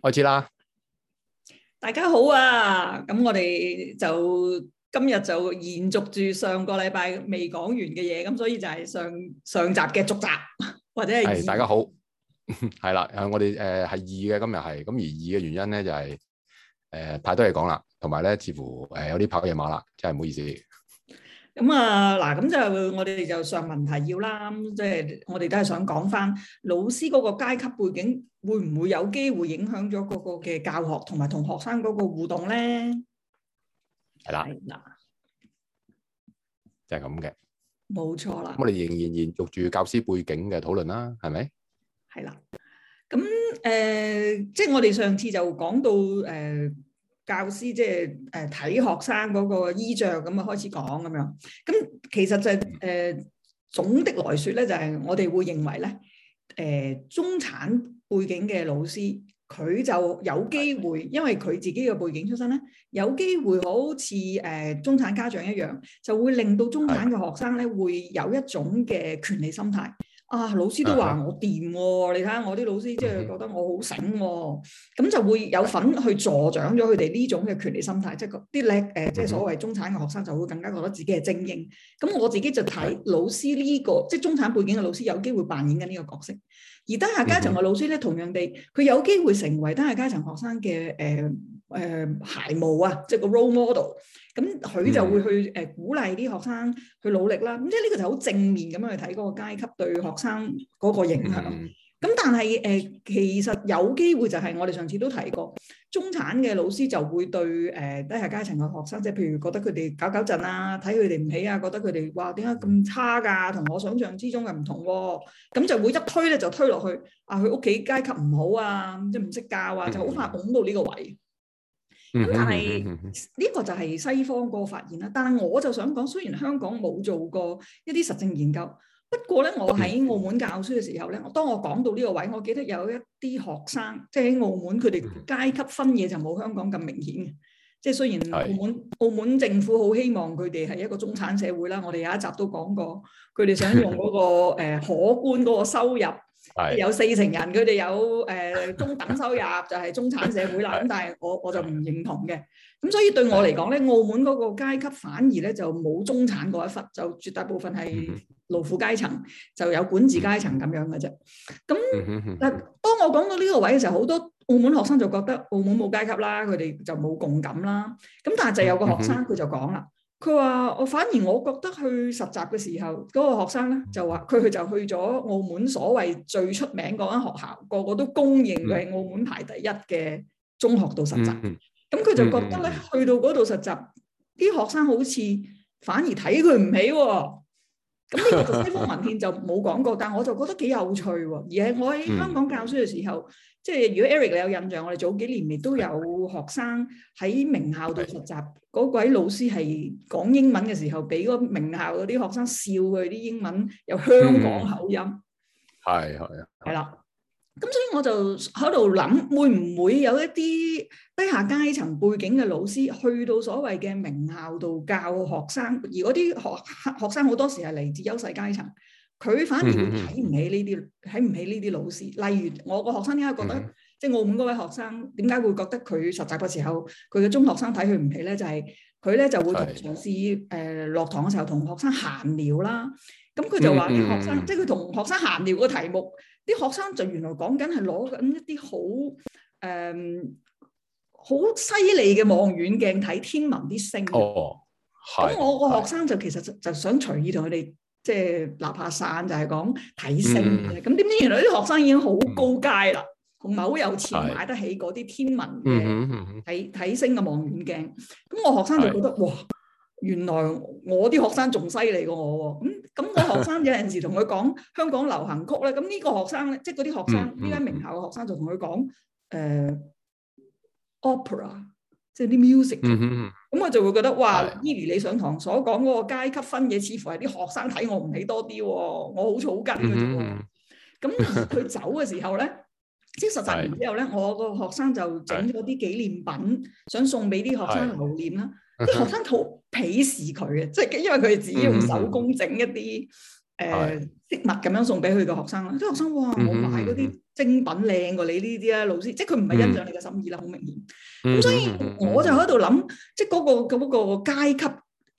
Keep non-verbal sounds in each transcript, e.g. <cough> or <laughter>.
.開始啦！大家好啊，咁我哋就今日就延續住上個禮拜未講完嘅嘢，咁所以就係上上集嘅續集或者係。係大家好，係啦，誒，我哋誒係二嘅，今日係，咁而二嘅原因咧就係、是、誒、呃、太多嘢講啦，同埋咧似乎誒有啲跑野馬啦，真係唔好意思。咁啊嗱，咁就我哋就上文提要啦，即係我哋都係想講返老師嗰個階級背景，會唔會有機會影響咗嗰個嘅教學同埋同學生嗰個互動咧？係啦，就係咁嘅，冇錯啦。咁我哋仍然延續住教師背景嘅討論啦，係咪？係啦，咁誒，即係我哋上次就講到誒。教師即係誒睇學生嗰個衣着，咁啊開始講咁樣，咁其實就誒、是呃、總的來說咧，就係、是、我哋會認為咧，誒、呃、中產背景嘅老師佢就有機會，因為佢自己嘅背景出身咧，有機會好似誒、呃、中產家長一樣，就會令到中產嘅學生咧會有一種嘅權利心態。啊！老師都話我掂喎、哦，啊、你睇下我啲老師即係、嗯、覺得我好醒喎，咁、嗯、就會有份去助長咗佢哋呢種嘅權利心態，即係啲叻誒，即係所謂中產嘅學生就會更加覺得自己係精英。咁我自己就睇老師呢、這個、嗯、即係中產背景嘅老師有機會扮演緊呢個角色，而低下階層嘅老師咧，嗯、同樣地佢有機會成為低下階層學生嘅誒。呃誒、呃、楷模啊，即係個 role model，咁、嗯、佢就會去誒、呃、鼓勵啲學生去努力啦。咁、嗯、即係呢個就好正面咁樣去睇嗰個階級對學生嗰個影響。咁、嗯嗯、但係誒、呃，其實有機會就係、是、我哋上次都提過，中產嘅老師就會對誒、呃、低下階層嘅學生，即係譬如覺得佢哋搞搞震啊，睇佢哋唔起啊，覺得佢哋話點解咁差㗎、啊？同我想象之中嘅唔同喎、啊，咁、嗯嗯、就會一推咧就推落去啊，佢屋企階級唔好啊，即係唔識教啊，就好快拱到呢個位。咁、嗯、但係呢、呢個就係西方個發現啦。但係我就想講，雖然香港冇做過一啲實證研究，不過咧，我喺澳門教書嘅時候咧，我當我講到呢個位，我記得有一啲學生，即係喺澳門佢哋階級分野就冇香港咁明顯嘅。即係雖然澳門是澳門政府好希望佢哋係一個中產社會啦，我哋有一集都講過，佢哋想用嗰、嗰個、 <laughs> 呃、可觀嗰個收入。有四成人佢哋有誒、呃、中等收入就係、是、中產社會啦，咁但係我我就唔認同嘅，咁所以對我嚟講咧，澳門嗰個階級反而咧就冇中產嗰一忽，就絕大部分係勞苦階層，就有管治階層咁樣嘅啫。咁，但當我講到呢個位嘅時候，好多澳門學生就覺得澳門冇階級啦，佢哋就冇共感啦。咁但係就有個學生佢就講啦。佢話：我反而我覺得去實習嘅時候，嗰個學生咧就話，佢佢就去咗澳門所謂最出名嗰間學校，個個都公認係澳門排第一嘅中學度實習。咁佢就覺得咧，去到嗰度實習，啲學生好似反而睇佢唔起喎。咁呢、 <laughs> 嗯、個西方文獻就冇講過，但係我就覺得幾有趣喎。而係我喺香港教書嘅時候，嗯、即係如果 Eric 你有印象，我哋早幾年亦都有學生喺名校度實習，嗰位的老師係講英文嘅時候，俾嗰個名校嗰啲學生笑佢啲英文有香港口音，係係啊，係啦。咁所以我就喺度諗，會唔會有一啲低下階層背景嘅老師去到所謂嘅名校度教學生，而嗰啲學學生好多時係嚟自優勢階層，佢反而會睇唔起呢啲睇唔起呢啲老師。例如我個學生點解覺得，嗯嗯即係澳門嗰位學生點解會覺得佢實習嘅時候，佢嘅中學生睇佢唔起咧？就係、是。佢咧就會嘗試誒落堂嘅時候同學生閒聊啦，咁佢就話啲、嗯、學生，即係佢同學生閒聊個題目，啲、嗯、學生就原來講緊係攞緊一啲好誒好犀利嘅望遠鏡睇天文啲星。哦，咁我個學生就其實就想隨意同佢哋即係立下散，是嗯、就係講睇星咁，點知原來啲學生已經好高階啦。唔係好有錢買得起嗰啲天文嘅睇睇星嘅望遠鏡，咁我學生就覺得的哇，原來我啲學生仲犀利過我喎。咁咁、嗰個學生有陣時同佢講香港流行曲咧，咁呢個學生咧，即係嗰啲學生，呢、就、間、是、 <laughs> 名校嘅學生就同佢講誒 opera，即係啲 music。咁 <laughs> 我就會覺得哇，依如你上堂所講嗰個階級分野，似乎係啲學生睇我唔起多啲喎，我好草根嘅啫。咁佢走嘅時候咧。即係實習完之後咧，我個學生就整咗啲紀念品，想送俾啲學生留念啦。啲的學生好鄙視佢嘅，即係因為佢哋自己用手工整一啲誒飾物咁樣送俾佢嘅學生啦。啲學生哇，我買嗰啲精品靚過你呢啲啦，老師，即係佢唔係欣賞你嘅心意啦，好、嗯、明顯。咁、嗯嗯、所以我就喺度諗，即係、嗰、嗰個嗰、嗰個階級，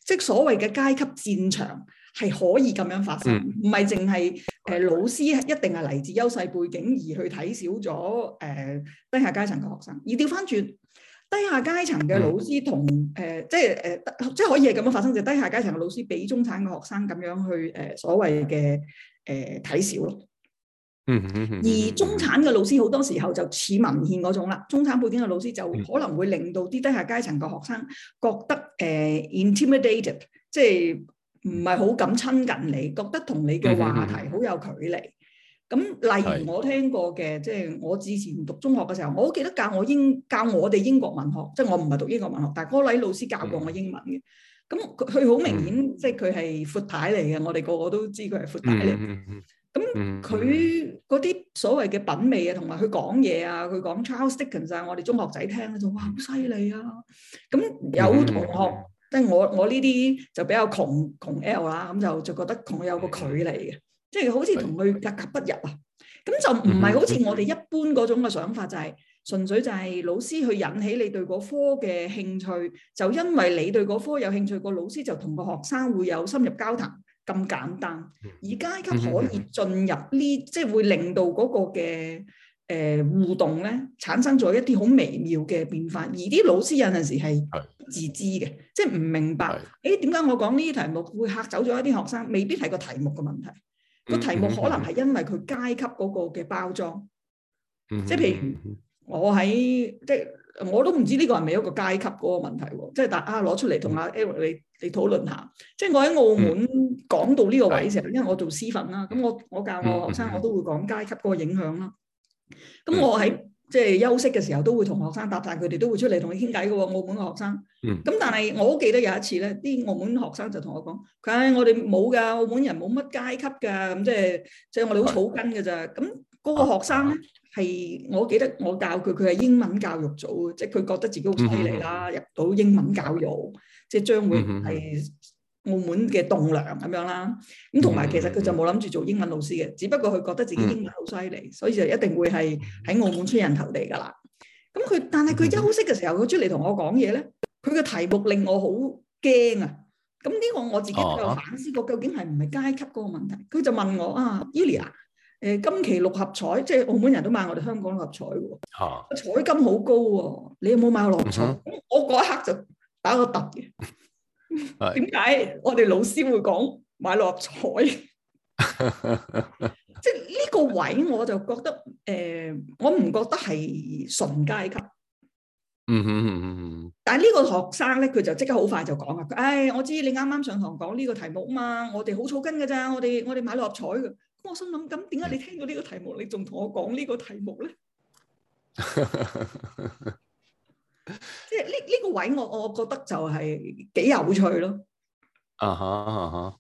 即係所謂嘅階級戰場，係可以咁樣發生，唔係淨係誒老師一定係嚟自優勢背景而去睇少咗誒低下階層嘅學生，而掉返轉低下階層嘅老師同誒、呃、即係誒、呃、即係可以係咁樣發生，就係、低下階層嘅老師俾中產嘅學生咁樣去誒、呃、所謂嘅誒睇少咯。嗯，嗯而中產嘅老師好多時候就似文獻嗰種啦，中產背景嘅老師就可能會令到啲低下階層嘅學生覺得誒、呃、intimidated，即係。唔係好敢親近你，覺得同你嘅話題好有距離。咁例如我聽過嘅，即係我之前讀中學嘅時候，我好記得教我英教我哋英國文學，即係我唔係讀英國文學，但係嗰個禮老師教過我英文嘅。咁佢好明顯，即係佢係闊太嚟嘅，我哋個個都知佢係闊太嚟。咁佢嗰啲所謂嘅品味啊，同埋佢講嘢啊，佢講 Charles Dickens 啊，我哋中學仔聽咧就哇好犀利啊！咁有同學。即係我我呢啲就比較窮窮 L 啦，咁就就覺得同佢有個距離嘅，的即係好似同佢格格不入啊。咁的就唔係好似我哋一般嗰種嘅想法，嗯、哼就係純粹就係老師去引起你對嗰科嘅興趣，就因為你對嗰科有興趣，個老師就同個學生會有深入交談咁簡單。而階級可以進入呢，即係、嗯、哼會令到嗰個嘅誒、呃、互動咧產生咗一啲好微妙嘅變化，而啲老師有陣時係的。自知嘅，即係唔明白。誒，點解我講呢啲題目會嚇走咗一啲學生？未必係個題目嘅問題，個題目可能係因為佢階級嗰個嘅包裝。嗯、哼即係譬如我喺即係，我都唔知呢個係咪一個階級嗰個問題喎。即係大家，攞出嚟同阿 Eric 你、嗯、你，你討論下。即係我喺澳門講到呢個位時候，嗯、哼因為我做師訓啦，咁我我教我學生，我都會講階級嗰個影響啦。咁我喺即係休息嘅時候都會同學生搭訕，但係佢哋都會出嚟同你傾偈嘅喎。澳門嘅學生，咁、嗯、但係我好記得有一次咧，啲澳門學生就同我講：佢、哎、喺我哋冇㗎，澳門人冇乜階級㗎，咁即係即係我哋好草根㗎咋。咁、那、嗰個學生咧係我記得我教佢，佢係英文教育組，即係佢覺得自己好犀利啦，嗯、哼入到英文教育，即、就、係、是、將會係。嗯澳門嘅棟梁咁樣啦，咁同埋其實佢就冇諗住做英文老師嘅，嗯、只不過佢覺得自己英文好犀利，嗯、所以就一定會係喺澳門出人頭地噶啦。咁佢但係佢休息嘅時候，佢、嗯、出嚟同我講嘢咧，佢嘅題目令我好驚啊！咁呢個我自己都有反思過，究竟係唔係階級嗰個問題？佢就問我啊，Yulia 誒、呃、今期六合彩，即係澳門人都買我哋香港六合彩喎，啊、彩金好高喎、哦，你有冇買過六合彩？嗯哼」咁我嗰一刻就打個突嘅。點解 <laughs> 我哋老師會講買六合彩？ <laughs> <laughs> 即係呢個位，我就覺得誒、呃，我唔覺得係純階級。嗯哼嗯嗯。但係呢個學生咧，佢就即刻好快就講啦。誒、哎，我知你啱啱上堂講呢個題目啊嘛，我哋好草根噶咋，我哋我哋買六合彩噶。我心諗，咁點解你聽到呢個題目，你仲同我講呢個題目咧？ <laughs> 即係呢呢個位，我我覺得就係幾有趣咯。啊哈啊哈。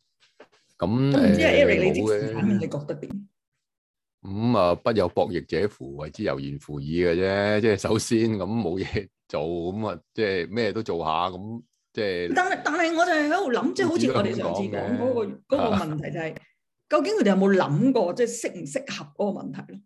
咁、啊、唔、嗯、知阿 Eric 你點睇？你覺得點？咁啊、嗯，不有博弈者乎？為之猶賢乎已嘅啫。即係首先咁冇嘢做，咁啊，即係咩都做下，咁即係。但係但係，我就喺度諗，即係好似我哋上次講嗰個嗰個問題就係、是，究竟佢哋有冇諗過，即係適唔適合嗰個問題咧？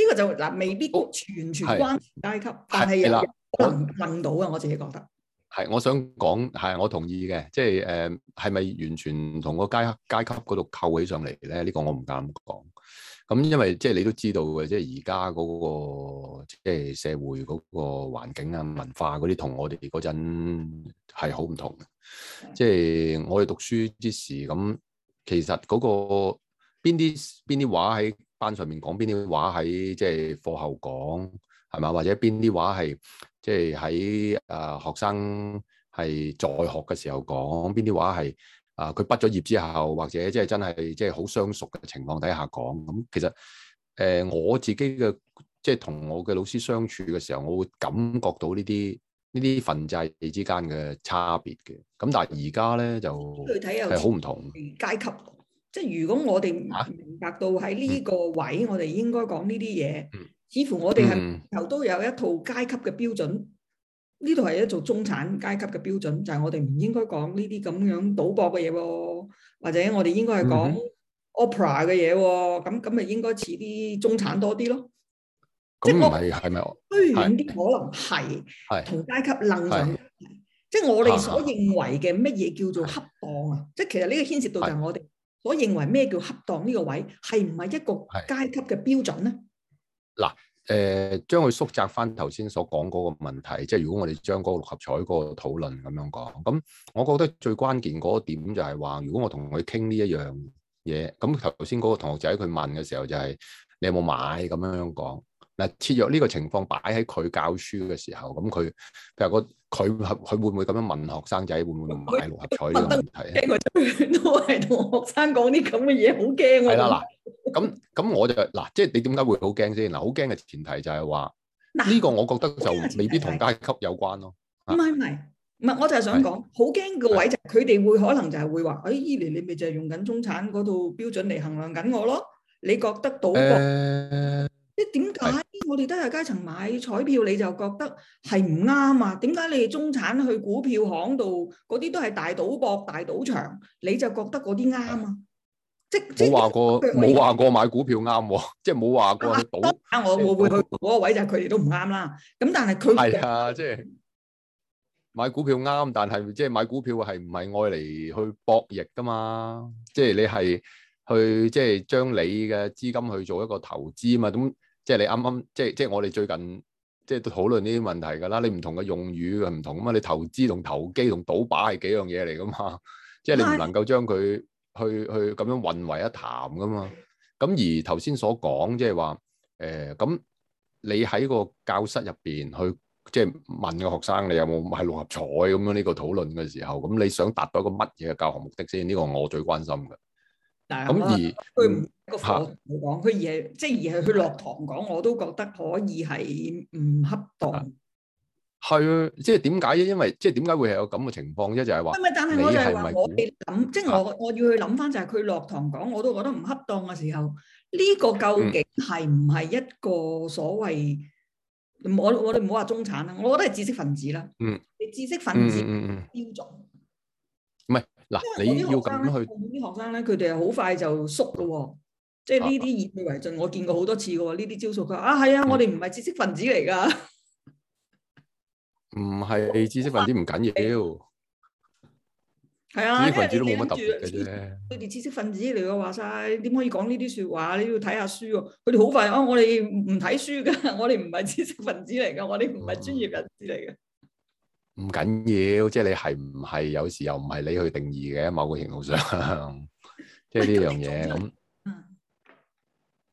呢個就嗱，未必完全關階級，是但係可能問我到啊！我自己覺得係，我想講係，我同意嘅，即係誒，係、呃、咪完全同個階階級嗰度扣起上嚟咧？呢、這個我唔敢講。咁因為即係、就是、你都知道嘅，即係而家嗰個即係、就是、社會嗰個環境啊、文化嗰啲，同的我哋嗰陣係好唔同嘅。即係我哋讀書之時咁，其實嗰、那個邊啲邊啲話喺？班上面講邊啲話喺，即係課後講係嘛？或者邊啲話係即係喺誒學生係在學嘅時候講邊啲話係啊？佢畢咗業之後或者即係真係即係好相熟嘅情況底下講咁、嗯，其實誒、呃、我自己嘅即係同我嘅老師相處嘅時候，我會感覺到呢啲呢啲份際之間嘅差別嘅。咁、嗯、但係而家咧就係好唔同階級。即係如果我哋明白到喺呢個位，我哋應該講呢啲嘢。似乎我哋係由都有一套階級嘅標準。呢度係一組中產階級嘅標準，就係我哋唔應該講呢啲咁樣賭博嘅嘢喎。或者我哋應該係講 Opera 嘅嘢喎。咁咁咪應該似啲中產多啲咯。即我，係咪？虛遠啲可能係同階級楞上。即係我哋所認為嘅乜嘢叫做恰當啊？即係其實呢個牽涉到就係我哋。我認為咩叫恰當，呢個位係唔係一個階級嘅標準咧？嗱，誒、呃，將佢縮窄翻頭先所講嗰個問題，即係如果我哋將嗰個六合彩嗰個討論咁樣講，咁我覺得最關鍵嗰點就係話，如果我同佢傾呢一樣嘢，咁頭先嗰個同學仔佢問嘅時候就係、是、你有冇買咁樣樣講。嗱，切約呢個情況擺喺佢教書嘅時候，咁佢，譬如佢佢會唔會咁樣問學生仔會唔他會買六合彩呢個問題咧？都係同學生講啲咁嘅嘢，好驚啊！係 <laughs> 啦，嗱，咁咁我就嗱，即係你點解會好驚先？嗱，好驚嘅前提就係話，呢、啊、個我覺得就未必同階級有關咯。唔係唔係，唔係、啊，我就係想講，好驚個位就係佢哋會可能就係會話，哎，伊研你咪就係用緊中產嗰套標準嚟衡量緊我咯？你覺得賭、嗯？」博？即係點解我哋低下階層買彩票，你就覺得係唔啱啊？點解你哋中產去股票行度嗰啲都係大賭博、大賭場，你就覺得嗰啲啱啊？的即冇話過冇話過買股票啱喎，即係冇話過賭。啊，我我會去嗰個位就係佢哋都唔啱啦。咁但係佢係啊，即係買股票啱，但係即係買股票係唔係愛嚟去博弈噶嘛？即係你係去即係將你嘅資金去做一個投資嘛？咁即係你啱啱即係即係我哋最近即係都討論呢啲問題㗎啦，你唔同嘅用語係唔同啊嘛，你投資同投機同賭把係幾樣嘢嚟㗎嘛，即係你唔能夠將佢去去咁樣混為一談㗎嘛。咁而頭先所講即係話誒，咁你喺個教室入邊去即係問個學生你有冇買六合彩咁樣呢個討論嘅時候，咁你想達到一個乜嘢嘅教學目的先？呢個我最關心嘅。咁、啊、而佢唔個課，嚟講，佢而係即係而係佢落堂講，我都覺得可以係唔恰當。係啊，即係點解咧？因為即係點解會係有咁嘅情況啫？就係話唔係，但係我就係話我哋諗，即係我我要去諗返，就係佢落堂講，我都覺得唔恰當嘅時候，呢、呢個究竟係唔係一個所謂、嗯、我我哋唔好話中產啦，我覺得係知識分子啦，嗯，知識分子標準、嗯。嗯嗯嗱，你要咁樣去。啲學生咧，佢哋係好快就縮嘅喎。即係呢啲以佢為盡，我見過好多次嘅喎。呢啲招數，佢話：啊，係啊，嗯、我哋唔係知識分子嚟㗎。唔係知識分子唔緊要。係啊，知識分子都冇乜特別嘅。佢哋、 <laughs> 啊、知識分子嚟㗎話晒，點可以講呢啲説話？你要睇下書喎。佢哋好快啊！我哋唔睇書㗎，我哋唔係知識分子嚟㗎，我哋唔係專業人士嚟嘅。嗯。唔緊要，即係、就是、你係唔係有時候又唔係你去定義嘅，某個程度上，即係呢樣嘢咁。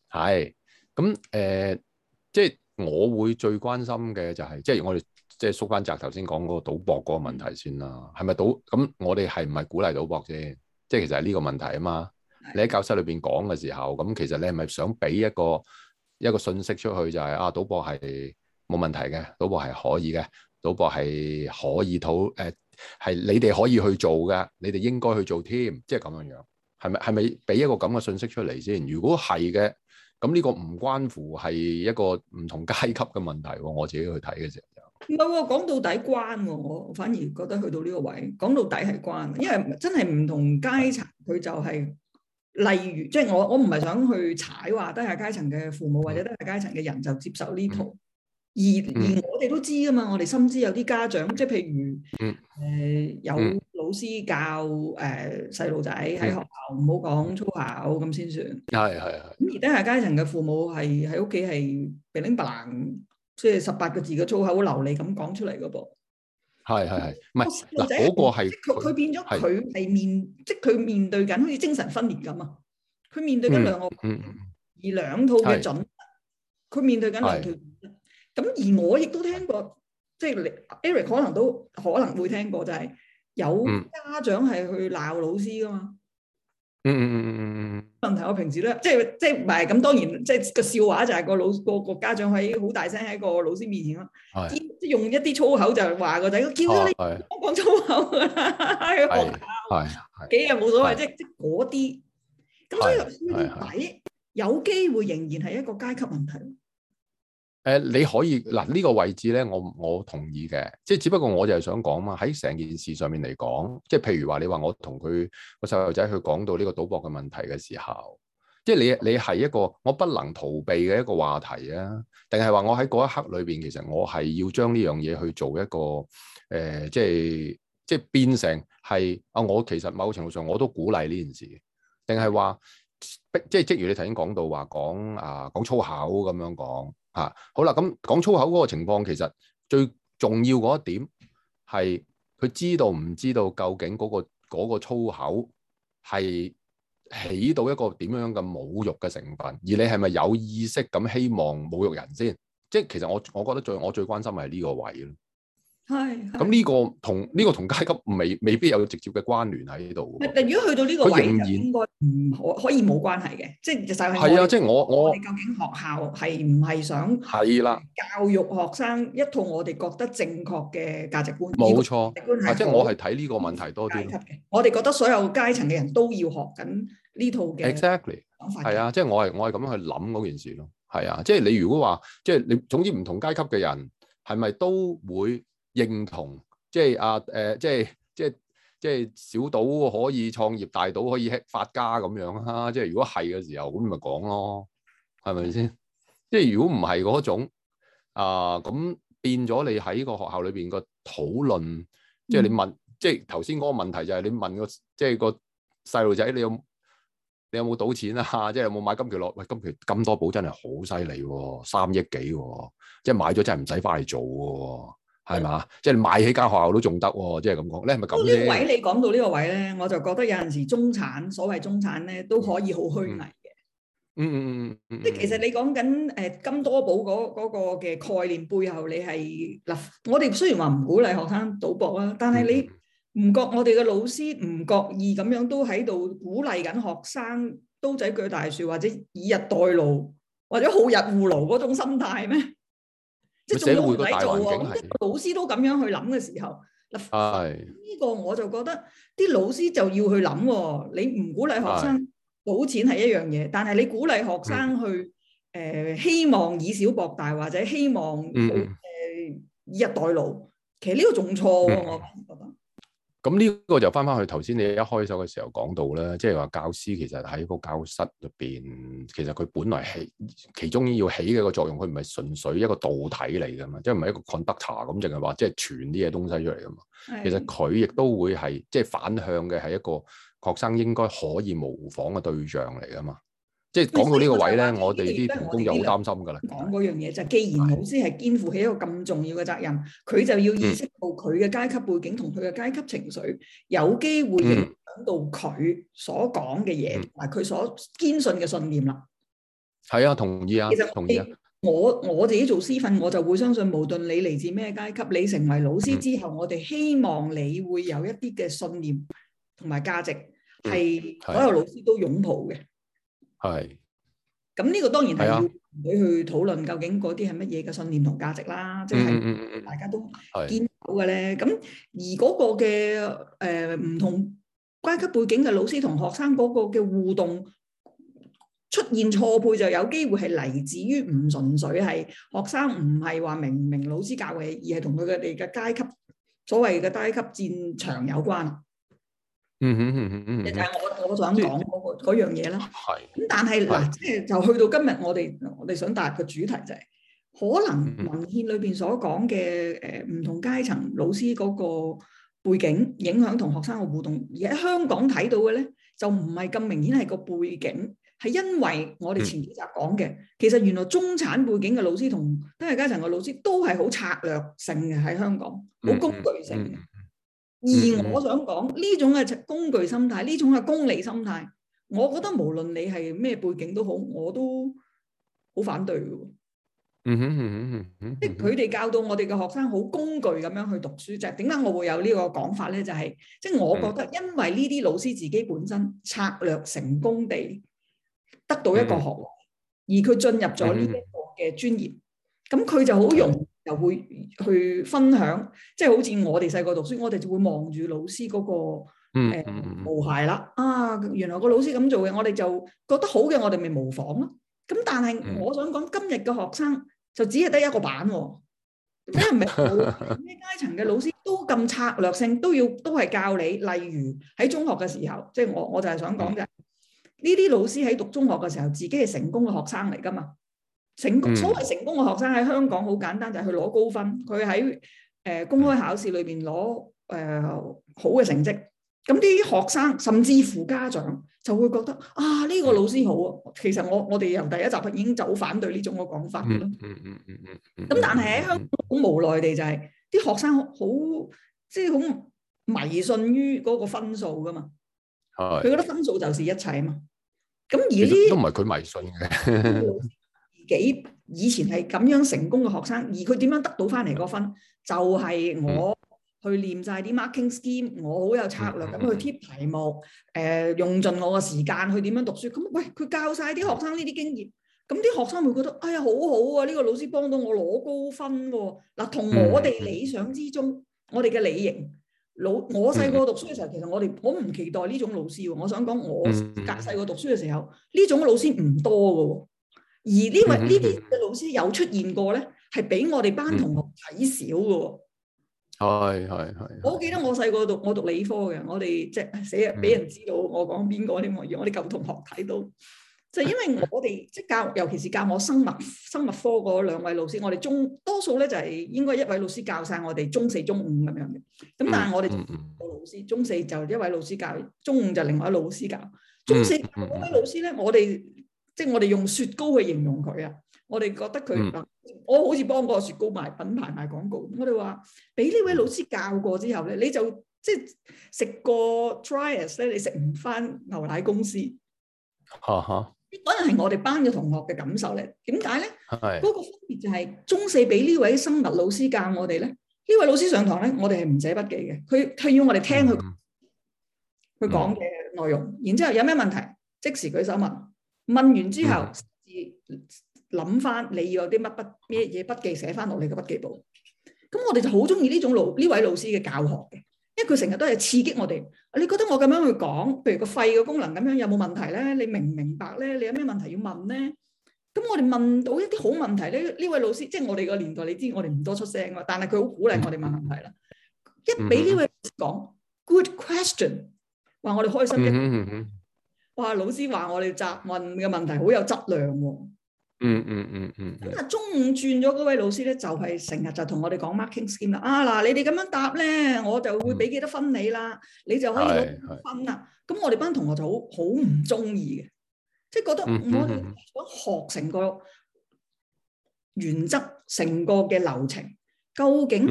係咁誒，即係我會最關心嘅就係、是，即係我哋即係縮翻窄頭先講嗰個賭博嗰個問題先啦。係咪賭？咁我哋係唔係鼓勵賭博啫？即係其實係呢個問題啊嘛。你喺教室裏邊講嘅時候，咁其實你係咪想俾一個一個訊息出去、就是，就係啊賭博係冇問題嘅，賭博係可以嘅？賭博係可以討誒，係你哋可以去做噶，你哋應該去做添，即係咁樣樣，係咪係咪俾一個咁嘅信息出嚟先？如果係嘅，咁呢個唔關乎係一個唔同階級嘅問題，我自己去睇嘅啫。唔係，講到底關，我反而覺得去到呢個位，講到底係關，因為真係唔同階層，佢就係、係、例如，即、就、係、係、我我唔係想去踩話，低下階層嘅父母或者低下階層嘅人就接受呢套。嗯而而我哋都知㗎嘛，我哋深知有啲家長，即係譬如誒有老師教誒細路仔喺學校唔好講粗口咁先算。係係係。咁而低下階層嘅父母係喺屋企係鼻擰白眼，即係十八個字嘅粗口流利咁講出嚟嘅噃。係係係。唔係嗱，嗰個係佢佢變咗佢係面，即係佢面對緊好似精神分裂咁啊！佢面對緊兩個，而兩套嘅準，佢面對緊兩套。咁而我亦都聽過，即係 Eric 可能都可能會聽過，就係有家長係去鬧老師㗎嘛。 <noise> 嗯。嗯嗯嗯嗯嗯。問題我平時咧，即係即係唔係咁當然，即係個笑話就係個老個個家長喺好大聲喺個老師面前咯，是用一啲粗口就話個仔，見到你講粗口，喺度講鬧，幾日冇所謂，即係即係嗰啲。咁所以呢啲底有機會仍然係一個階級問題。誒你可以嗱呢，這個位置咧，我我同意嘅，即係只不過我就係想講嘛，喺成件事上面嚟講，即係譬如話你話我同佢個細路仔去講到呢個賭博嘅問題嘅時候，即係你你係一個我不能逃避嘅一個話題啊，定係話我喺嗰一刻裏邊其實我係要將呢樣嘢去做一個誒、呃，即係即係變成係啊、哦，我其實某程度上我都鼓勵呢件事，定係話即係即如你頭先講到話講啊講粗口咁樣講。嚇、啊，好啦，咁、嗯、講粗口嗰個情況，其實最重要嗰一點係佢知道唔知道究竟嗰、嗰個粗口係起到一個點樣嘅侮辱嘅成分，而你係咪有意識咁希望侮辱人先？即係其實我我覺得最我最關心係呢個位咯。係，咁呢個同呢個同階級未未必有直接嘅關聯喺呢度。但如果去到呢個，仍然應該唔可可以冇關係嘅，即係就係。啊，即係我我。究竟學校係唔係想？係啦。教育學生一套我哋覺得正確嘅價值觀。冇錯。即係我係睇呢個問題多啲。我哋覺得所有階層嘅人都要學緊呢套嘅講法。Exactly。係啊，即係我係我係咁樣去諗嗰件事咯。係啊，即係你如果話，即係你總之唔同階級嘅人係咪都會？認同即係啊誒，即係、啊呃、即係即係小賭可以創業，大賭可以吃發家咁樣啊！即係如果係嘅時候，咁咪講咯，係咪先？即係如果唔係嗰種啊，咁變咗你喺個學校裏邊個討論，即係你問，嗯、即係頭先嗰個問題就係你問、個，即係個細路仔你有你有冇賭錢啊？即係有冇買金橋樂？喂，金橋金，金多寶真係好犀利喎，三億幾喎、哦！即係買咗真係唔使翻嚟做喎、哦。係嘛？即係買起間學校都仲得喎，即係咁講咧，咪咁呢位你講到呢個位咧，我就覺得有陣時中產所謂中產咧都可以好虛偽嘅。嗯嗯嗯嗯，即係其實你講緊誒金多寶嗰嗰個嘅概念背後，你係嗱，我哋雖然話唔鼓勵學生賭博啦，但係你唔覺我哋嘅老師唔覺意咁樣都喺度鼓勵緊學生刀仔鋸大樹，或者以逸待勞，或者好逸惡勞嗰種心態咩？即係仲要唔抵做喎？即啲老師都咁樣去諗嘅時候，嗱呢個我就覺得啲老師就要去諗喎。你唔鼓勵學生賭錢係一樣嘢，但係你鼓勵學生去誒是的、呃、希望以小博大，或者希望誒、呃、以日代勞，其實呢個仲錯喎，我覺得。是的 咁呢個就翻翻去頭先你一開首嘅時候講到啦，即係話教師其實喺個教室入邊，其實佢本來起其中要起嘅個作用，佢唔係純粹一個導體嚟噶嘛，即係唔係一個 conductor 咁，淨係話即係傳啲嘢東西出嚟噶嘛。其實佢亦都會係即係反向嘅係一個學生應該可以模仿嘅對象嚟噶嘛。即係講到呢個位咧，我哋啲同工就好擔心噶啦。講嗰樣嘢就，既然老師係肩負起一個咁重要嘅責任，佢的就要意識到佢嘅階級背景同佢嘅階級情緒，嗯、有機會影響到佢所講嘅嘢同埋佢所堅信嘅信念啦。係啊，同意啊，其實同意、啊、我我自己做師訓，我就會相信，無論你嚟自咩階級，你成為老師之後，嗯、我哋希望你會有一啲嘅信念同埋價值，係、嗯、所有老師都擁抱嘅。係，咁呢個當然係要你去討論究竟嗰啲係乜嘢嘅信念同價值啦，即係大家都見到嘅咧。咁而嗰個嘅誒唔同階級背景嘅老師同學生嗰個嘅互動出現錯配，就有機會係嚟自於唔純粹係學生唔係話明唔明老師教嘅嘢，而係同佢哋嘅階級所謂嘅階級戰場有關。嗯嗯嗯嗯嗯，就係我我想講嗰個嗰是樣嘢啦。係咁，但係嗱，即係就去到今日，我哋我哋想答嘅主題就係、是，可能文獻裏邊所講嘅誒，唔、嗯哼呃、同階層老師嗰個背景影響同學生嘅互動。而喺香港睇到嘅咧，就唔係咁明顯係個背景，係因為我哋前幾集講嘅，嗯、哼其實原來中產背景嘅老師同低階層嘅老師都係好策略性嘅喺香港，好工具性嘅。嗯而我想講呢種嘅工具心態，呢種嘅功利心態，我覺得無論你係咩背景都好，我都好反對嘅。嗯哼 <noise> 即係佢哋教到我哋嘅學生好工具咁樣去讀書，就係點解我會有個呢個講法咧？就係、是、即係我覺得，因為呢啲老師自己本身策略成功地得到一個學位， <noise> 而佢進入咗呢一個嘅專業，咁佢 <noise> 就好容易。又會去分享，即、就、係、是、好似我哋細個讀書，我哋就會望住老師嗰、那個誒模鞋啦。嗯呃、啊，原來個老師咁做嘅，我哋就覺得好嘅，我哋咪模仿咯。咁但係我想講，嗯、今日嘅學生就只係得一個版喎、哦，咩唔係咩階層嘅老師都咁策略性，都要都係教你。例如喺中學嘅時候，即、就、係、是、我我就係想講嘅、就是，呢啲、嗯、老師喺讀中學嘅時候，自己係成功嘅學生嚟㗎嘛。成功，所謂成功嘅學生喺香港好簡單，就係、是、去攞高分。佢喺誒公開考試裏邊攞誒好嘅成績。咁啲學生甚至乎家長就會覺得啊，呢、這個老師好啊。其實我我哋由第一集已經就反對呢種嘅講法啦。嗯嗯嗯嗯咁但係喺香港好無奈地就係、是、啲學生好即係好迷信於嗰個分數噶嘛。係是。佢覺得分數就是一切啊嘛。咁而呢都唔係佢迷信嘅。 <laughs> 幾以前係咁樣成功嘅學生，而佢點樣得到翻嚟個分，就係、是、我去念晒啲 marking scheme，我好有策略咁去貼題目，誒、呃，用盡我嘅時間去點樣讀書。咁、嗯、喂，佢教晒啲學生呢啲經驗，咁、嗯、啲、嗯嗯、學生會覺得哎呀好好啊，呢、這個老師幫到我攞高分喎、啊。嗱，同我哋理想之中，我哋嘅理型老，我細個讀書嘅時候，其實我哋好唔期待呢種老師。我想講我隔細個讀書嘅時候，呢種老師唔多嘅。而呢位呢啲嘅老師有出現過咧，係俾我哋班同學睇少嘅。係係係。我記得我細個讀我讀理科嘅，我哋即係死俾人知道我講邊個添喎，而我哋舊同學睇到，就因為我哋即係教，尤其是教我生物生物科嗰兩位老師，我哋中多數咧就係應該一位老師教晒我哋中四、中五咁樣嘅。咁但係我哋老師中四就一位老師教，中五就另外一位老師教。中四嗰位老師咧，我哋。即係我哋用雪糕去形容佢啊。我哋覺得佢，嗯、我好似幫個雪糕賣品牌賣廣告。我哋話俾呢位老師教過之後咧、嗯，你就即係食過 Dreyer's 咧，你食唔翻牛奶公司。吓吓、啊哈！可能係我哋班嘅同學嘅感受咧。點解咧？係嗰是個分別就係、是、中四俾呢位生物老師教我哋咧。呢位老師上堂咧，我哋係唔寫筆記嘅。佢係要我哋聽佢，佢、嗯、講嘅內容。然之後有咩問題，即時舉手問。問完之後，諗翻你要有啲乜筆咩嘢筆記寫翻落你嘅筆記簿。咁我哋就好中意呢種老呢位老師嘅教學嘅，因為佢成日都係刺激我哋。你覺得我咁樣去講，譬如個肺嘅功能咁樣有冇問題咧？你明唔明白咧？你有咩問題要問咧？咁我哋問到一啲好問題咧，呢位老師即係我哋個年代，你知我哋唔多出聲啊。但係佢好鼓勵我哋問問題啦。嗯、一俾呢位老師講、嗯、good question，話我哋開心啲。嗯嗯嗯嗯哇！老師話我哋雜問嘅問題好有質量喎，啊嗯。嗯嗯嗯嗯。咁、嗯、啊，中午轉咗嗰位老師咧，就係成日就同我哋講 marking scheme 啦。啊嗱，你哋咁樣答咧，我就會俾幾多分你啦。嗯、你就可以攞幾多分啦。咁我哋班同學就好好唔中意嘅，即係、就是、覺得我哋想學成個原則，成、嗯嗯嗯嗯、個嘅流程，究竟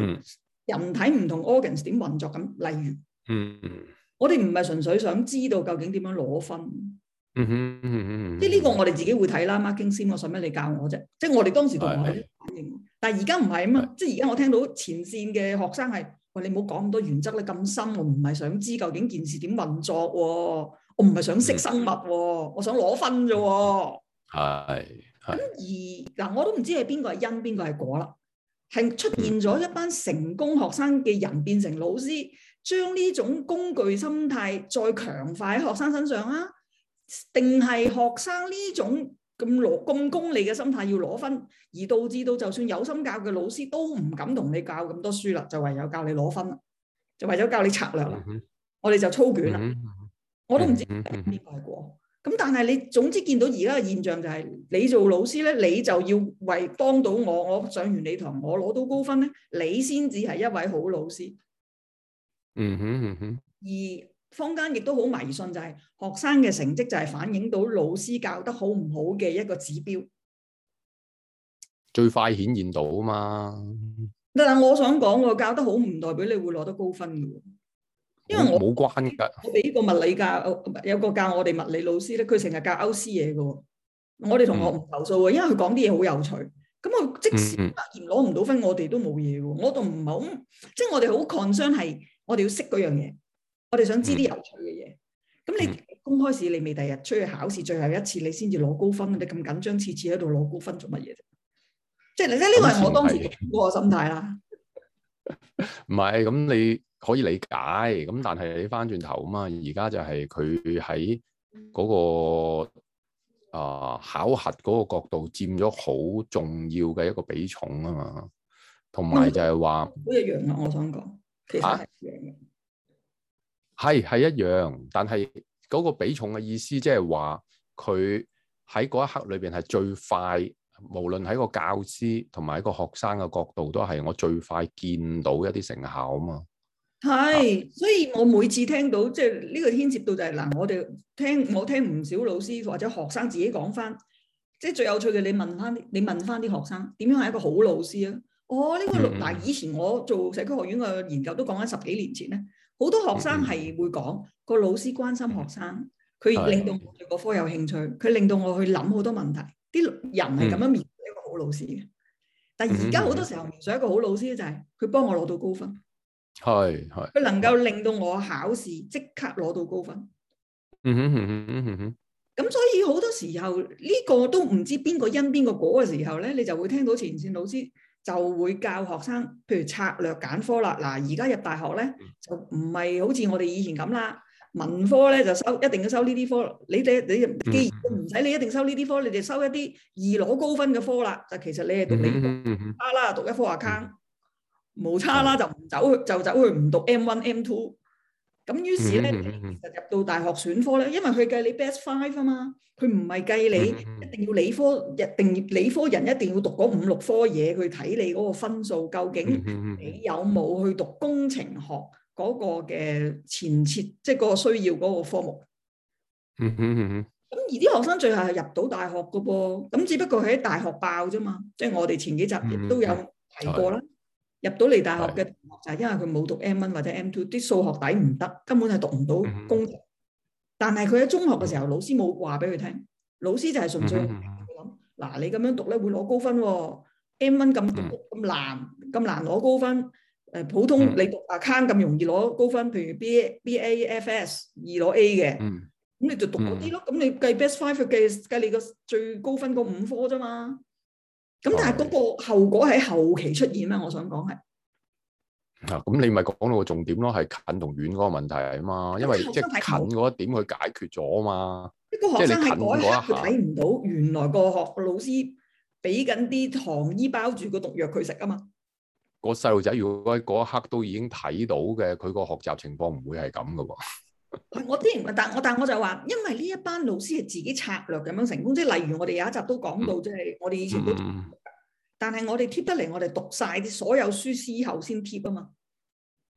人體唔同 organs 點運作咁？例如，嗯嗯。嗯嗯嗯我哋唔係純粹想知道究竟點樣攞分嗯，嗯哼嗯嗯，即係呢個我哋自己會睇啦。Marking scheme 先，我使乜你教我啫？即係我哋當時同我哋反應，哎、但係而家唔係啊嘛。哎、即係而家我聽到前線嘅學生係，喂你唔好講咁多原則咧，咁深我唔係想知究竟件事點運作、啊，我唔係想識生物、啊，嗯、我想攞分啫、啊。係咁、哎哎、而嗱，我都唔知係邊個係因邊個係果啦，係出現咗一班成功學生嘅人變成老師。嗯將呢種工具心態再強化喺學生身上啊？定係學生呢種咁攞咁功利嘅心態要攞分，而導致到就算有心教嘅老師都唔敢同你教咁多書啦，就唯有教你攞分啦，就為咗教你策略啦。我哋就操卷啦，mm hmm. 我都唔知邊個係果。咁、mm hmm. 但係你總之見到而家嘅現象就係、是，你做老師咧，你就要為幫到我，我上完你堂，我攞到高分咧，你先至係一位好老師。嗯哼嗯哼，嗯哼而坊間亦都好迷信，就係學生嘅成績就係反映到老師教得好唔好嘅一個指標，最快顯現到啊嘛。但係我想講，我教得好唔代表你會攞得高分嘅，因為我冇關噶。我哋呢個物理教有個教我哋物理老師咧，佢成日教歐斯嘢嘅，我哋同學唔投訴，嗯、因為佢講啲嘢好有趣。咁佢即使攞唔到分，嗯嗯我哋都冇嘢嘅，我度唔好，即係我哋好 concern 係。我哋要識嗰樣嘢，我哋想知啲有趣嘅嘢。咁、嗯、你公開試你未第日出去考試，最後一次你先至攞高分，你咁緊張，次次喺度攞高分做乜嘢啫？即係咧，呢、呢個係我當時嗰個心態啦。唔係，咁你可以理解。咁但係你翻轉頭啊嘛，而家就係佢喺嗰個啊考核嗰個角度佔咗好重要嘅一個比重啊嘛，同埋就係話好一樣啊！我想講。其實啊，係係一樣，但係嗰個比重嘅意思，即係話佢喺嗰一刻裏邊係最快，無論喺個教師同埋喺個學生嘅角度，都係我最快見到一啲成效啊嘛。係是，啊、所以我每次聽到即係呢個牽涉到就係、是、嗱，我哋聽我聽唔少老師或者學生自己講翻，即、就、係、是、最有趣嘅，你問翻你問翻啲學生，點樣係一個好老師啊？哦，呢、這個六，大以前我做社區學院嘅研究都講緊十幾年前咧，好多學生係會講、嗯、個老師關心學生，佢令到我對嗰科有興趣，佢令到我去諗好多問題，啲人係咁樣描述一個好老師嘅。但係而家好多時候描述一個好老師就係佢幫我攞到高分，係係佢能夠令到我考試即刻攞到高分。嗯哼嗯哼哼哼。咁、嗯嗯嗯嗯嗯、所以好多時候呢、這個都唔知邊個因邊個果嘅時候咧，你就會聽到前線老師。就會教學生，譬如策略揀科啦。嗱、啊，而家入大學咧，就唔係好似我哋以前咁啦。文科咧就收，一定要收呢啲科。你哋你，你既然唔使你一定收呢啲科，你哋收一啲易攞高分嘅科啦。但其實你係讀理工啦，讀一科就坑，無差啦就唔走，就走去唔讀 M one M two。咁於是咧，其實入到大學選科咧，因為佢計你 best five 啊嘛，佢唔係計你一定要理科，一定，理科人一定要讀嗰五六科嘢，去睇你嗰個分數究竟你有冇去讀工程學嗰個嘅前設，即係嗰個需要嗰個科目。嗯嗯嗯，咁而啲學生最後係入到大學嘅噃，咁只不過喺大學爆啫嘛，即係我哋前幾集亦都有提過啦。 <laughs> 入到嚟大學嘅同學就係因為佢冇讀 M1 或者 M2 啲數學底唔得，根本係讀唔到工程。但係佢喺中學嘅時候，老師冇話俾佢聽，老師就係純粹諗，嗱你咁樣讀咧會攞高分，M1 咁咁難咁難攞高分。誒，普通你讀 account 咁容易攞高分，譬如 BBAFS 二攞 A 嘅，咁你就讀嗰啲咯。咁你計 best five 計計你個最高分個五科啫嘛。咁、嗯、但係嗰個後果喺後期出現咩？我想講係啊，咁你咪講到個重點咯，係近同遠嗰個問題啊嘛，因為即係近嗰一點佢解決咗啊嘛，一個學生喺嗰一刻佢睇唔到原來個學老師俾緊啲糖衣包住嘅毒藥佢食啊嘛，個細路仔如果喺嗰一刻都已經睇到嘅，佢個學習情況唔會係咁噶喎。我之前，但我但我就話，因為呢一班老師係自己策略咁樣成功，即係例如我哋有一集都講到，即係、嗯、我哋以前都，但係我哋貼得嚟，我哋讀晒啲所有書之後先貼啊嘛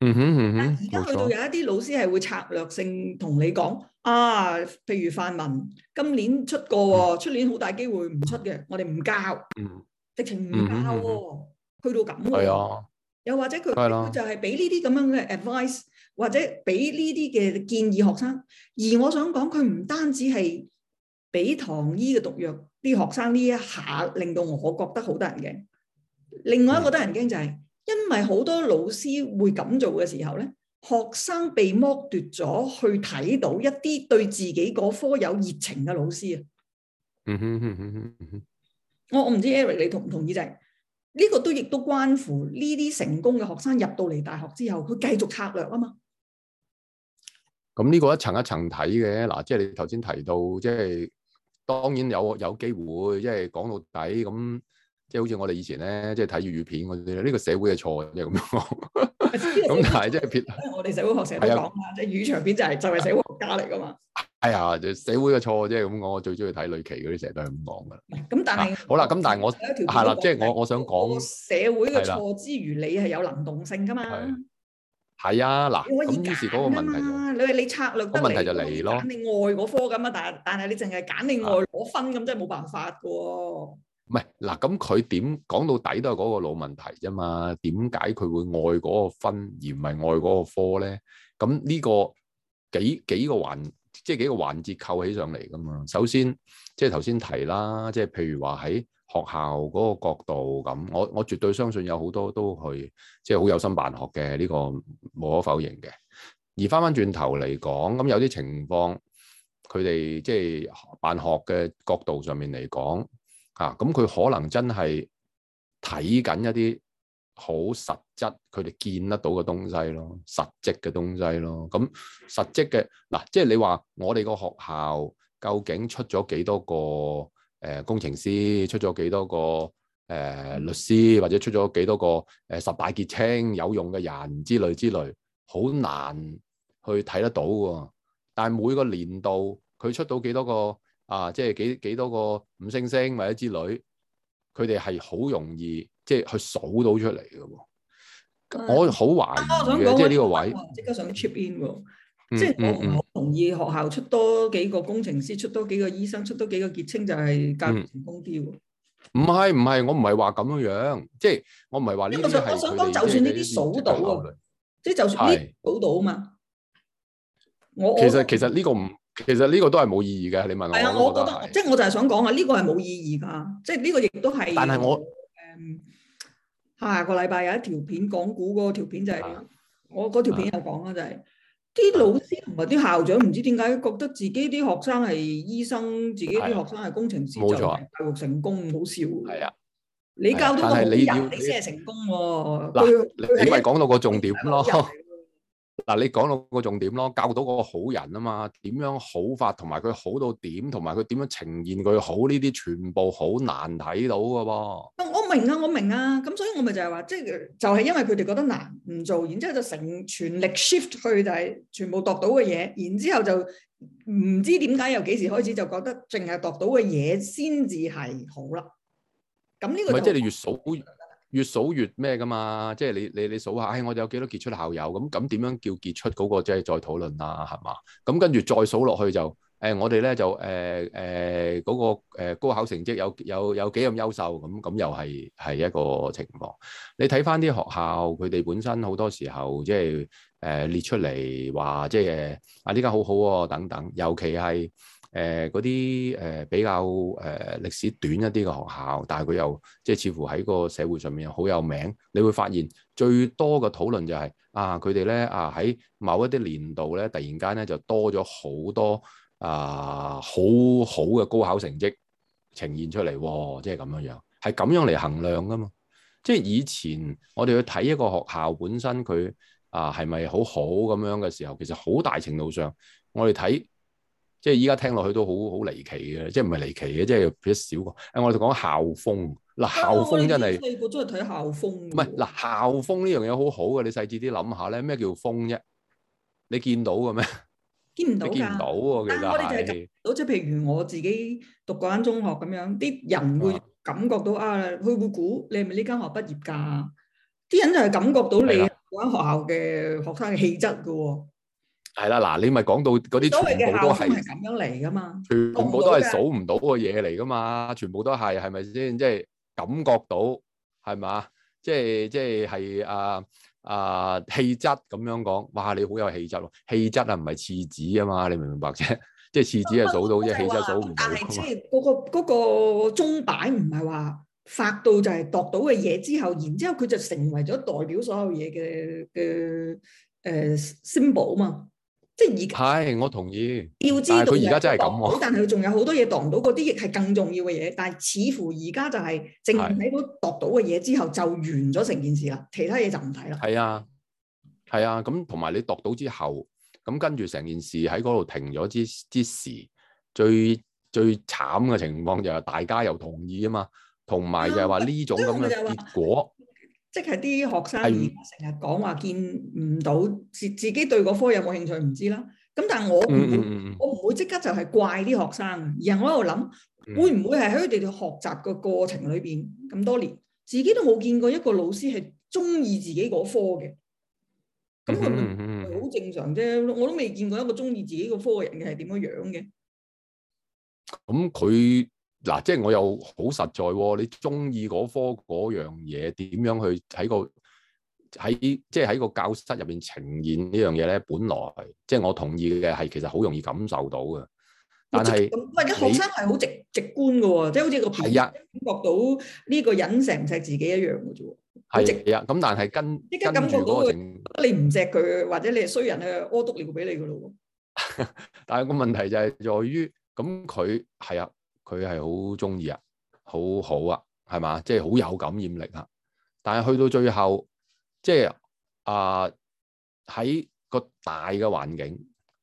嗯。嗯哼，而家去到錯有一啲老師係會策略性同你講，啊，譬如範文今年出過喎，出年好大機會唔出嘅，我哋唔教，直情唔教喎、哦，嗯嗯、去到咁喎。啊。了又或者佢就係俾呢啲咁樣嘅 advice。或者俾呢啲嘅建議學生，而我想講佢唔單止係俾唐醫嘅毒藥啲學生，呢一下令到我覺得好得人驚。另外一個得人驚就係，因為好多老師會咁做嘅時候咧，學生被剝奪咗去睇到一啲對自己嗰科有熱情嘅老師啊。嗯哼哼哼哼哼。我我唔知 Eric 你同唔同意，就係呢個都亦都關乎呢啲成功嘅學生入到嚟大學之後，佢繼續策略啊嘛。咁呢個一層一層睇嘅，嗱，即係你頭先提到，即係當然有有機會，即係講到底咁，即係好似我哋以前咧，即係睇粵語片啲咧，呢個社會嘅錯即係咁講。咁但係即係撇。我哋社會學成日講啊，即係語長片就係就係社會學家嚟噶嘛。係啊，社會嘅錯即係咁講，我最中意睇類奇嗰啲成日都係咁講噶啦。咁但係好啦，咁但係我係啦，即係我我想講社會嘅錯之餘，你係有能動性噶嘛？係啊，嗱，咁於是嗰個問題就，你係你策略得嚟，個問題就嚟咯。你愛嗰科咁但啊，但係但係你淨係揀你愛嗰分咁，真係冇辦法嘅喎。唔係、啊，嗱，咁佢點講到底都係嗰個老問題啫嘛？點解佢會愛嗰個分而唔係愛嗰個科咧？咁呢個幾幾個環，即係幾個環節扣起上嚟嘅嘛？首先，即係頭先提啦，即係譬如話喺學校嗰個角度咁，我我絕對相信有好多都係，即係好有心辦學嘅，呢個無可否認嘅。而翻翻轉頭嚟講，咁有啲情況，佢哋即係辦學嘅角度上面嚟講，啊，咁佢可能真係睇緊一啲好實質，佢哋見得到嘅東西咯，實質嘅東西咯。咁實質嘅嗱，即係你話我哋個學校究竟出咗幾多個？誒、呃、工程師，出咗幾多個誒、呃、律師，或者出咗幾多個誒、呃、十大傑青、有用嘅人之類之類，好難去睇得到喎。但係每個年度佢出到幾多個啊？即係幾幾多個五星星或者之類，佢哋係好容易即係去數到出嚟嘅。是我好懷疑嘅，即係呢個位即刻想 chip in 即係、嗯嗯、 <noise> 我唔好同意學校出多幾個工程師，出多幾個醫生，出多幾個傑青就係間唔成功啲喎。唔係唔係，我唔係話咁樣樣，即係我唔係話呢啲我想，我想講，就算呢啲數到即係就算呢啲數到嘛。我其實其實呢個唔，其實呢個，個都係冇意義嘅。你問我係啊，我覺得是即係我就係想講下呢、這個係冇意義噶，即係呢個亦都係。但係我、嗯、下個禮拜有一條片講股嗰個條片就係、是啊、我嗰條片又講啦，啊、就係、是。啲老師同埋啲校長唔知點解覺得自己啲學生係醫生，自己啲學生係工程師冇錯，就教育成功，好少。係啊，你教到好人，啊、但你先係成功喎。嗱你，咪講到個重點咯。嗱，你講到個重點咯，教到個好人啊嘛？點樣好法，同埋佢好到點，同埋佢點樣呈現佢好呢啲，全部好難睇到嘅噃。我明啊，我明啊，咁所以我咪就係話，即係就係、是、因為佢哋覺得難唔做，然之後就成全力 shift 去就係全部度到嘅嘢，然之後就唔知點解由幾時開始就覺得淨係度到嘅嘢先至係好啦。咁呢個唔係即係你越數越，越數越咩噶嘛？即係你你你數下，唉、哎，我哋有幾多傑出校友咁咁點樣叫傑出嗰、那個即係再討論啦，係嘛？咁跟住再數落去就。誒、呃、我哋咧就誒誒嗰個、呃、高考成績有有有幾咁優秀，咁咁又係係一個情況。你睇翻啲學校，佢哋本身好多時候即係誒、呃、列出嚟話即係啊呢間好好、哦、喎等等。尤其係誒嗰啲誒比較誒、呃、歷史短一啲嘅學校，但係佢又即係似乎喺個社會上面好有名。你會發現最多嘅討論就係、是、啊佢哋咧啊喺某一啲年度咧突然間咧就多咗好多。啊，好好嘅高考成績呈現出嚟，即係咁樣樣，係咁樣嚟衡量㗎嘛？即係以前我哋去睇一個學校本身佢啊係咪好好咁樣嘅時候，其實好大程度上我哋睇，即係依家聽落去都好好離奇嘅，即係唔係離奇嘅，即係比少個。誒、哎，我哋講校風，嗱校風真係，個都係睇校風。唔係嗱，校風呢樣嘢好好嘅，你細緻啲諗下咧，咩叫風啫？你見到嘅咩？ <laughs> 見唔到噶，其實我哋就係咁，即係譬如我自己讀嗰間中學咁樣，啲人會感覺到啊，佢會估你係咪呢間學畢業噶？啲人就係感覺到你嗰間學校嘅學生嘅氣質噶。係啦，嗱，你咪講到嗰啲全部都係咁樣嚟噶嘛？全部都係數唔到嘅嘢嚟噶嘛？全部都係，係咪先？即係感覺到，係嘛？即係即係係啊！啊，氣質咁樣講，哇！你好有氣質喎，氣質啊，唔係次子啊嘛，你明唔明白啫？ <laughs> 即係次子係數到啫，是氣質數唔到。但係，即係嗰個嗰、嗰個鐘擺唔係話發到就係度到嘅嘢之後，然之後佢就成為咗代表所有嘢嘅嘅誒 symbol 嘛。即係而係，我同意。要知道佢而家真係咁喎，但係佢仲有好多嘢度唔到，嗰啲亦係更重要嘅嘢。但係似乎而家就係正係睇到度到嘅嘢之後就完咗成件事啦，的其他嘢就唔睇啦。係啊，係啊，咁同埋你度到之後，咁跟住成件事喺嗰度停咗之之時，最最慘嘅情況就係大家又同意啊嘛，同埋就係話呢種咁嘅結果。即係啲學生而家成日講，話見唔到自自己對嗰科有冇興趣唔知啦。咁但係我唔、嗯、會，我唔會即刻就係怪啲學生，而係我喺度諗，會唔會係喺佢哋嘅學習嘅過程裏邊咁多年，自己都冇見過一個老師係中意自己嗰科嘅。咁佢好正常啫，我都未見過一個中意自己個科嘅人係點樣樣嘅。咁佢、嗯。嗯嗯嗯嗱、啊，即係我又好實在、哦，你中意嗰科嗰樣嘢，點樣去喺個喺即係喺個教室入邊呈現呢樣嘢咧？本來即係我同意嘅，係其實好容易感受到嘅。但係，咁或者學生係好直你直觀噶、哦，即係好似個朋友、啊、感覺到呢個人成唔成自己一樣噶啫。係啊，咁但係跟跟住個，你唔錫佢，或者你係衰人去屙督尿部俾你噶咯。 <laughs> 但係個問題就係在於，咁佢係啊。佢係好中意啊，好好啊，係嘛，即係好有感染力啊。但係去到最後，即係啊喺個大嘅環境，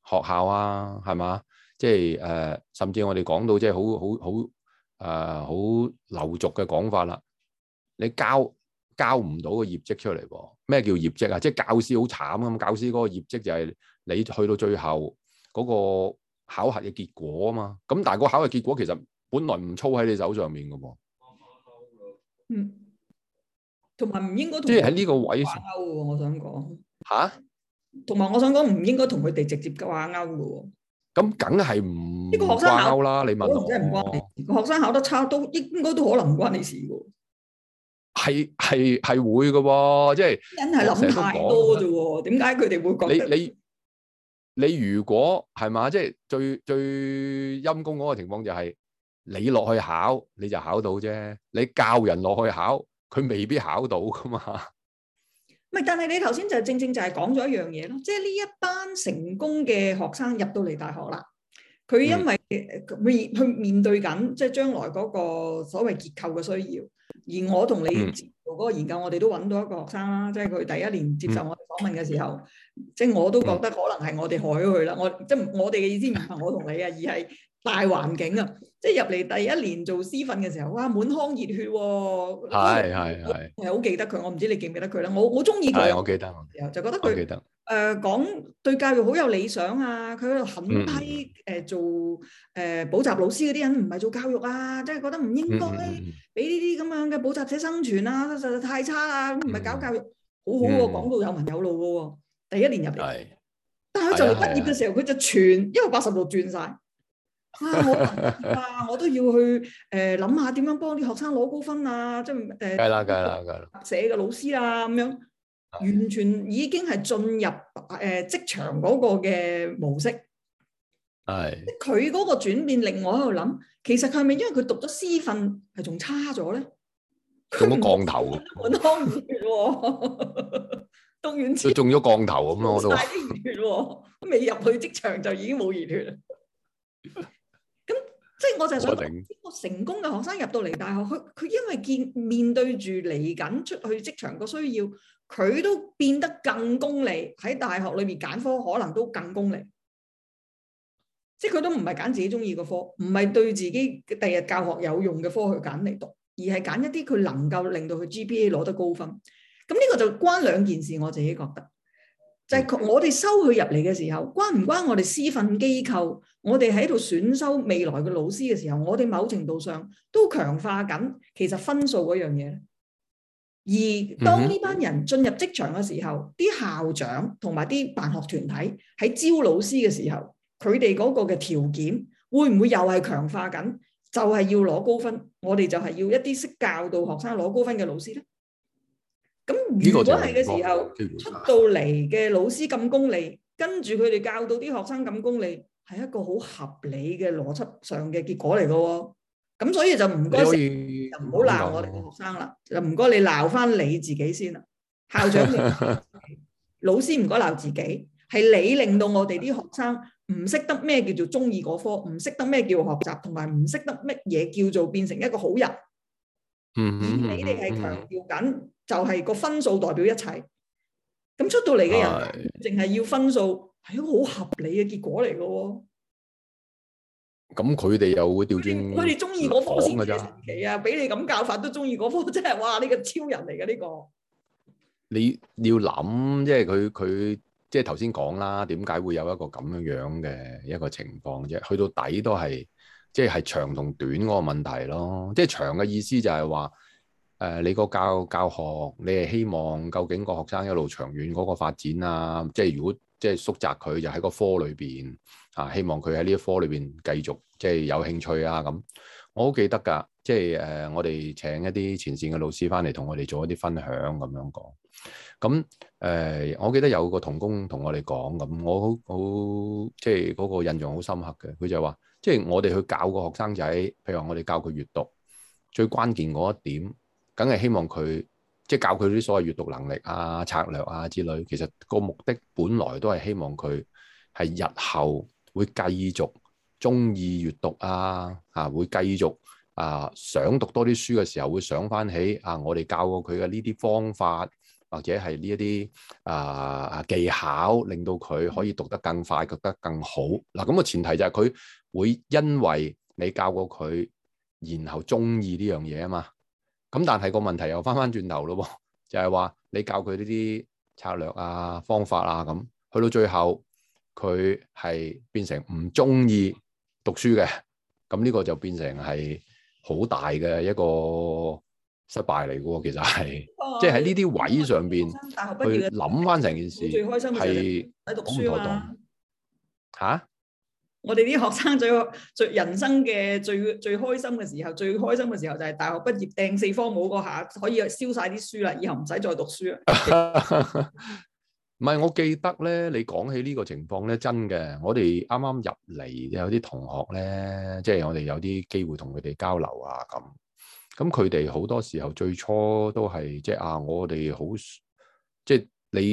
學校啊，係嘛，即係誒、呃，甚至我哋講到即係好好好誒，好、呃、流俗嘅講法啦、啊。你教教唔到個業績出嚟噃、啊？咩叫業績啊？即係教師好慘啊！咁教師嗰個業績就係你去到最後嗰、那個。考核嘅結果啊嘛，咁但係個考核結果其實本來唔操喺你手上面噶，嗯，同埋唔應該即係喺呢個位掛鈎。我想講吓，同埋我想講唔應該同佢哋直接掛鈎噶。咁梗係唔呢個學生掛鈎啦。你問唔關你。個學生考得差都應該都可能唔關你事噶。係係係會噶，即係真係諗太多咋？點解佢哋會覺得你？你如果係嘛，即係最最陰公嗰個情況就係你落去考，你就考到啫。你教人落去考，佢未必考到噶嘛。係，但係你頭先就正正就係講咗一樣嘢咯，即係呢一班成功嘅學生入到嚟大學啦，佢因為面去、嗯、面對緊，即係將來嗰個所謂結構嘅需要，而我同你、嗯。做嗰個研究，我哋都揾到一個學生啦，即係佢第一年接受我哋訪問嘅時候，嗯、即係我都覺得可能係我哋害咗佢啦。嗯、我即係、就是、我哋嘅意思唔係我同你啊， <laughs> 而係大環境啊。 <laughs> 即係入嚟第一年做師訓嘅時候，哇，滿腔熱血喎、哦。係係係好記得佢，我唔知你記唔記得佢啦。我是是我中意佢，我記得，然後就覺得佢。誒，講、呃、對教育好有理想啊！佢喺度狠批，誒、呃、做誒補習老師嗰啲人唔係做教育啊，即係覺得唔應該俾呢啲咁樣嘅補習者生存啊，實在太差啊！唔係搞教育、嗯、好好、啊、喎，講到有文有路嘅喎，第一年入嚟，是但係佢就嚟畢業嘅時候，佢的就全因爲八十六轉晒啊！我啊， <laughs> 我都要去誒諗、呃、下點樣幫啲學生攞高分啊！即係誒，梗、呃、啦，梗啦，梗啦，寫嘅老、老師啊，咁樣。完全已經係進入誒呃、職場嗰個嘅模式，係佢嗰個轉變令我喺度諗，其實佢係咪因為佢讀咗私訓係仲差咗咧？仲乜降頭？滿腔熱血，讀完佢中咗降頭咁咯。我都話、啊，未入去職場就已經冇熱血。咁 <laughs> 即係我就想，想，個成功嘅學生入到嚟大學，佢佢因為見面對住嚟緊出去職場個需要。佢都變得更功利，喺大學裏面揀科可能都更功利，即係佢都唔係揀自己中意嘅科，唔係對自己第日教學有用嘅科去揀嚟讀，而係揀一啲佢能夠令到佢 GPA 攞得高分。咁呢個就關兩件事，我自己覺得就係、是、我哋收佢入嚟嘅時候，關唔關我哋師訓機構？我哋喺度選修未來嘅老師嘅時候，我哋某程度上都強化緊其實分數嗰樣嘢。而當呢班人進入職場嘅時候，啲校長同埋啲辦學團體喺招老師嘅時候，佢哋嗰個嘅條件會唔會又係強化緊？就係要攞高分，我哋就係要一啲識教導學生攞高分嘅老師咧。咁如果係嘅時候，出到嚟嘅老師咁功利，跟住佢哋教導啲學生咁功利，係一個好合理嘅邏輯上嘅結果嚟嘅喎。咁所以就唔該，就唔好鬧我哋嘅學生啦，就唔該你鬧翻你自己先啦。校長，老師唔該鬧自己，係你令到我哋啲學生唔識得咩叫做中意嗰科，唔識得咩叫學習，同埋唔識得乜嘢叫做變成一個好人。而你哋係強調緊，就係個分數代表一切。咁出到嚟嘅人，淨係要分數，係一個好合理嘅結果嚟嘅。咁佢哋又會調轉，佢哋中意嗰科先嘅咋？奇啊，俾你咁教法都中意嗰科，真係哇！你個超人嚟嘅呢個。你要諗，即係佢佢即係頭先講啦，點解會有一個咁樣樣嘅一個情況啫？去到底都係即係長同短嗰個問題咯。即係長嘅意思就係話，誒、呃，你個教教學，你係希望究竟個學生一路長遠嗰個發展啊？即係如果即係縮窄佢，就喺個科裏邊。啊！希望佢喺呢一科裏邊繼續即係、就是、有興趣啊咁，我好記得㗎，即係誒我哋請一啲前線嘅老師翻嚟同我哋做一啲分享咁樣講。咁誒、呃，我記得有個同工同我哋講咁，我好好即係嗰個印象好深刻嘅。佢就話，即、就、係、是、我哋去教個學生仔，譬如話我哋教佢閱讀，最關鍵嗰一點，梗係希望佢即係教佢啲所謂閱讀能力啊、策略啊之類。其實個目的本來都係希望佢係日後。會繼續中意閱讀啊！啊，會繼續啊，想讀多啲書嘅時候，會想翻起啊，我哋教過佢嘅呢啲方法或者係呢一啲啊啊技巧，令到佢可以讀得更快，讀得更好。嗱、啊，咁、嗯、個前提就係佢會因為你教過佢，然後中意呢樣嘢啊嘛。咁、嗯、但係個問題又翻翻轉頭咯、啊，就係、是、話你教佢呢啲策略啊、方法啊咁，去到最後。佢係變成唔中意讀書嘅，咁呢個就變成係好大嘅一個失敗嚟嘅喎。其實係，即係喺呢啲位上大邊去諗翻成件事，最開心係喺讀書度吓。啊、我哋啲學生最最人生嘅最最開心嘅時候，最開心嘅時候就係大學畢業掟四科舞嗰下，可以燒晒啲書啦，以後唔使再讀書。 <laughs> 唔係，我記得咧，你講起呢個情況咧，真嘅。我哋啱啱入嚟有啲同學咧，即係我哋有啲機會同佢哋交流啊，咁咁佢哋好多時候最初都係即係啊，我哋好即係你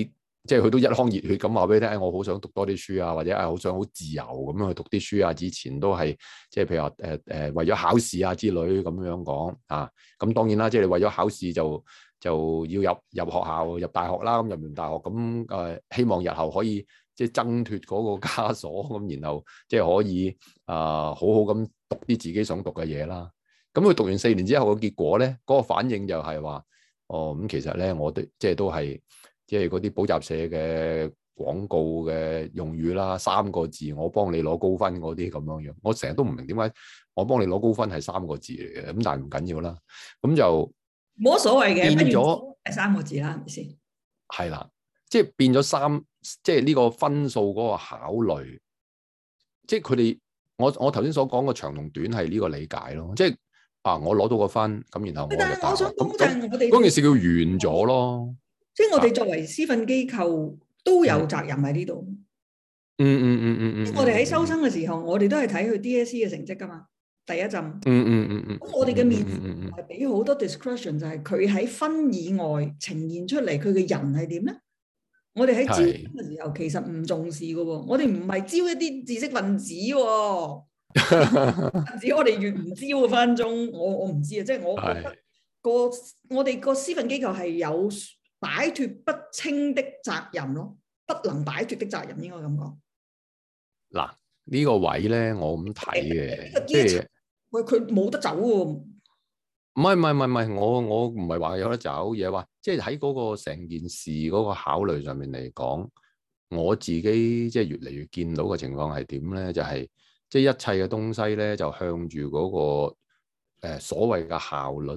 即係佢都一腔熱血咁話俾你聽，哎，我好想讀多啲書啊，或者啊好想好自由咁樣去讀啲書啊。之前都係即係譬如話誒誒，為咗考試啊之類咁樣講啊。咁當然啦，即係你為咗考試就。就要入入學校入大學啦，咁入完大學咁，誒、呃、希望日後可以即係掙脫嗰個枷鎖，咁然後即係可以啊、呃、好好咁讀啲自己想讀嘅嘢啦。咁佢讀完四年之後嘅結果咧，嗰、那個反應就係話，哦咁、嗯、其實咧，我哋即係都係即係嗰啲補習社嘅廣告嘅用語啦，三個字我幫你攞高分嗰啲咁樣樣。我成日都唔明點解我幫你攞高分係三個字嚟嘅，咁但係唔緊要啦，咁就。冇乜所謂嘅，變咗了三個字啦，係咪先？係啦，即係變咗三，即係呢個分數嗰個考慮，即係佢哋我我頭先所講個長同短係呢個理解咯，即係啊，我攞到個分咁，然後我我就打但係我想講，但我哋嗰件事叫完咗咯。即係我哋作為私信機構都有責任喺呢度。嗯嗯嗯嗯嗯，我哋喺收生嘅時候，我哋都係睇佢 DSE 嘅成績噶嘛。嗯嗯嗯嗯嗯嗯第一陣，嗯嗯嗯嗯，咁我哋嘅面係俾好多 discretion 就係佢喺分以外呈現出嚟佢嘅人係點咧？我哋喺招嘅時候，其實唔重視嘅喎，是我哋唔係招一啲知識分子喎， <laughs> 我哋越唔招，分分鐘。我我唔知啊，即、就、係、是、我覺得、那個是我哋個師訓機構係有擺脫不清的責任咯，不能擺脫的責任應該咁講。嗱呢個位咧，我咁睇嘅，佢佢冇得走喎，唔係唔係唔係，我我唔係話有得走而係話，即係喺嗰個成件事嗰個考慮上面嚟講，我自己即係越嚟越見到嘅情況係點咧？就係即係一切嘅東西咧，就向住嗰個、誒、所謂嘅效率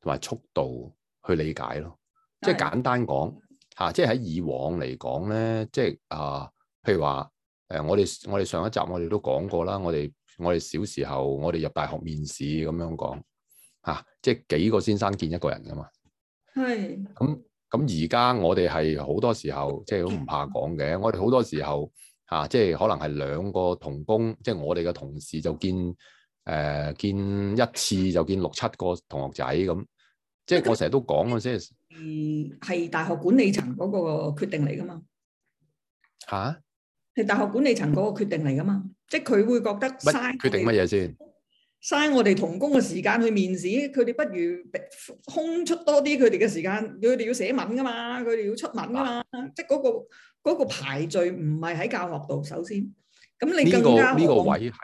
同埋速度去理解咯。即係的簡單講嚇，即係喺以往嚟講咧，即係啊，譬如話誒、呃，我哋我哋上一集我哋都講過啦，我哋。我哋小時候，我哋入大學面試咁樣講，吓、啊，即係幾個先生見一個人噶嘛。係的。咁咁而家我哋係好多時候，即係都唔怕講嘅。我哋好多時候吓、啊，即係可能係兩個同工，即係我哋嘅同事就見誒、呃、見一次就見六七個同學仔咁。即係我成日都講啊，即係。嗯，係大學管理層嗰個決定嚟噶嘛？吓、啊？係大學管理層嗰個決定嚟噶嘛？即係佢會覺得嘥，決定乜嘢先？嘥我哋同工嘅時間去面試，佢哋不如空出多啲佢哋嘅時間。佢哋要寫文噶嘛？佢哋要出文噶嘛？即係嗰個嗰個排序唔係喺教學度。首先，咁你更加呢個呢個位係，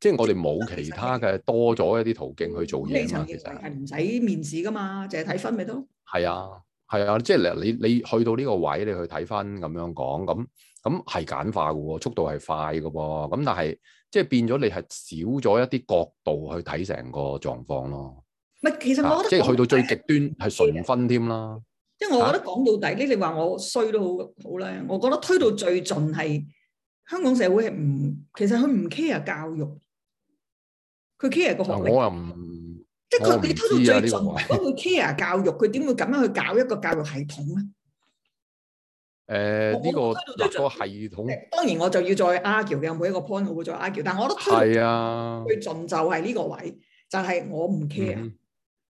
即係我哋冇其他嘅多咗一啲途徑去做嘢嘛？其實係唔使面試噶嘛？淨係睇分咪得咯？係啊。係啊，即係你你你去到呢個位，你去睇翻咁樣講，咁咁係簡化嘅喎，速度係快嘅噃，咁但係即係變咗你係少咗一啲角度去睇成個狀況咯。唔係，其實我覺得、啊、即係去到最極端係純分添啦。即係我覺得講到底，呢、啊，你話我衰都好好啦。我覺得推到最盡係香港社會係唔，其實佢唔 care 教育，佢 care 個學歷。嗯我佢哋推到最盡，佢會 care 教育，佢點會咁樣去搞一個教育系統咧？誒、呃，呢個多系統。當然我就要再 argue、er, 嘅，每一個 point 我會再 argue，、er, 但係我都出。係啊。最盡就係呢個位，啊、就係我唔 care、嗯。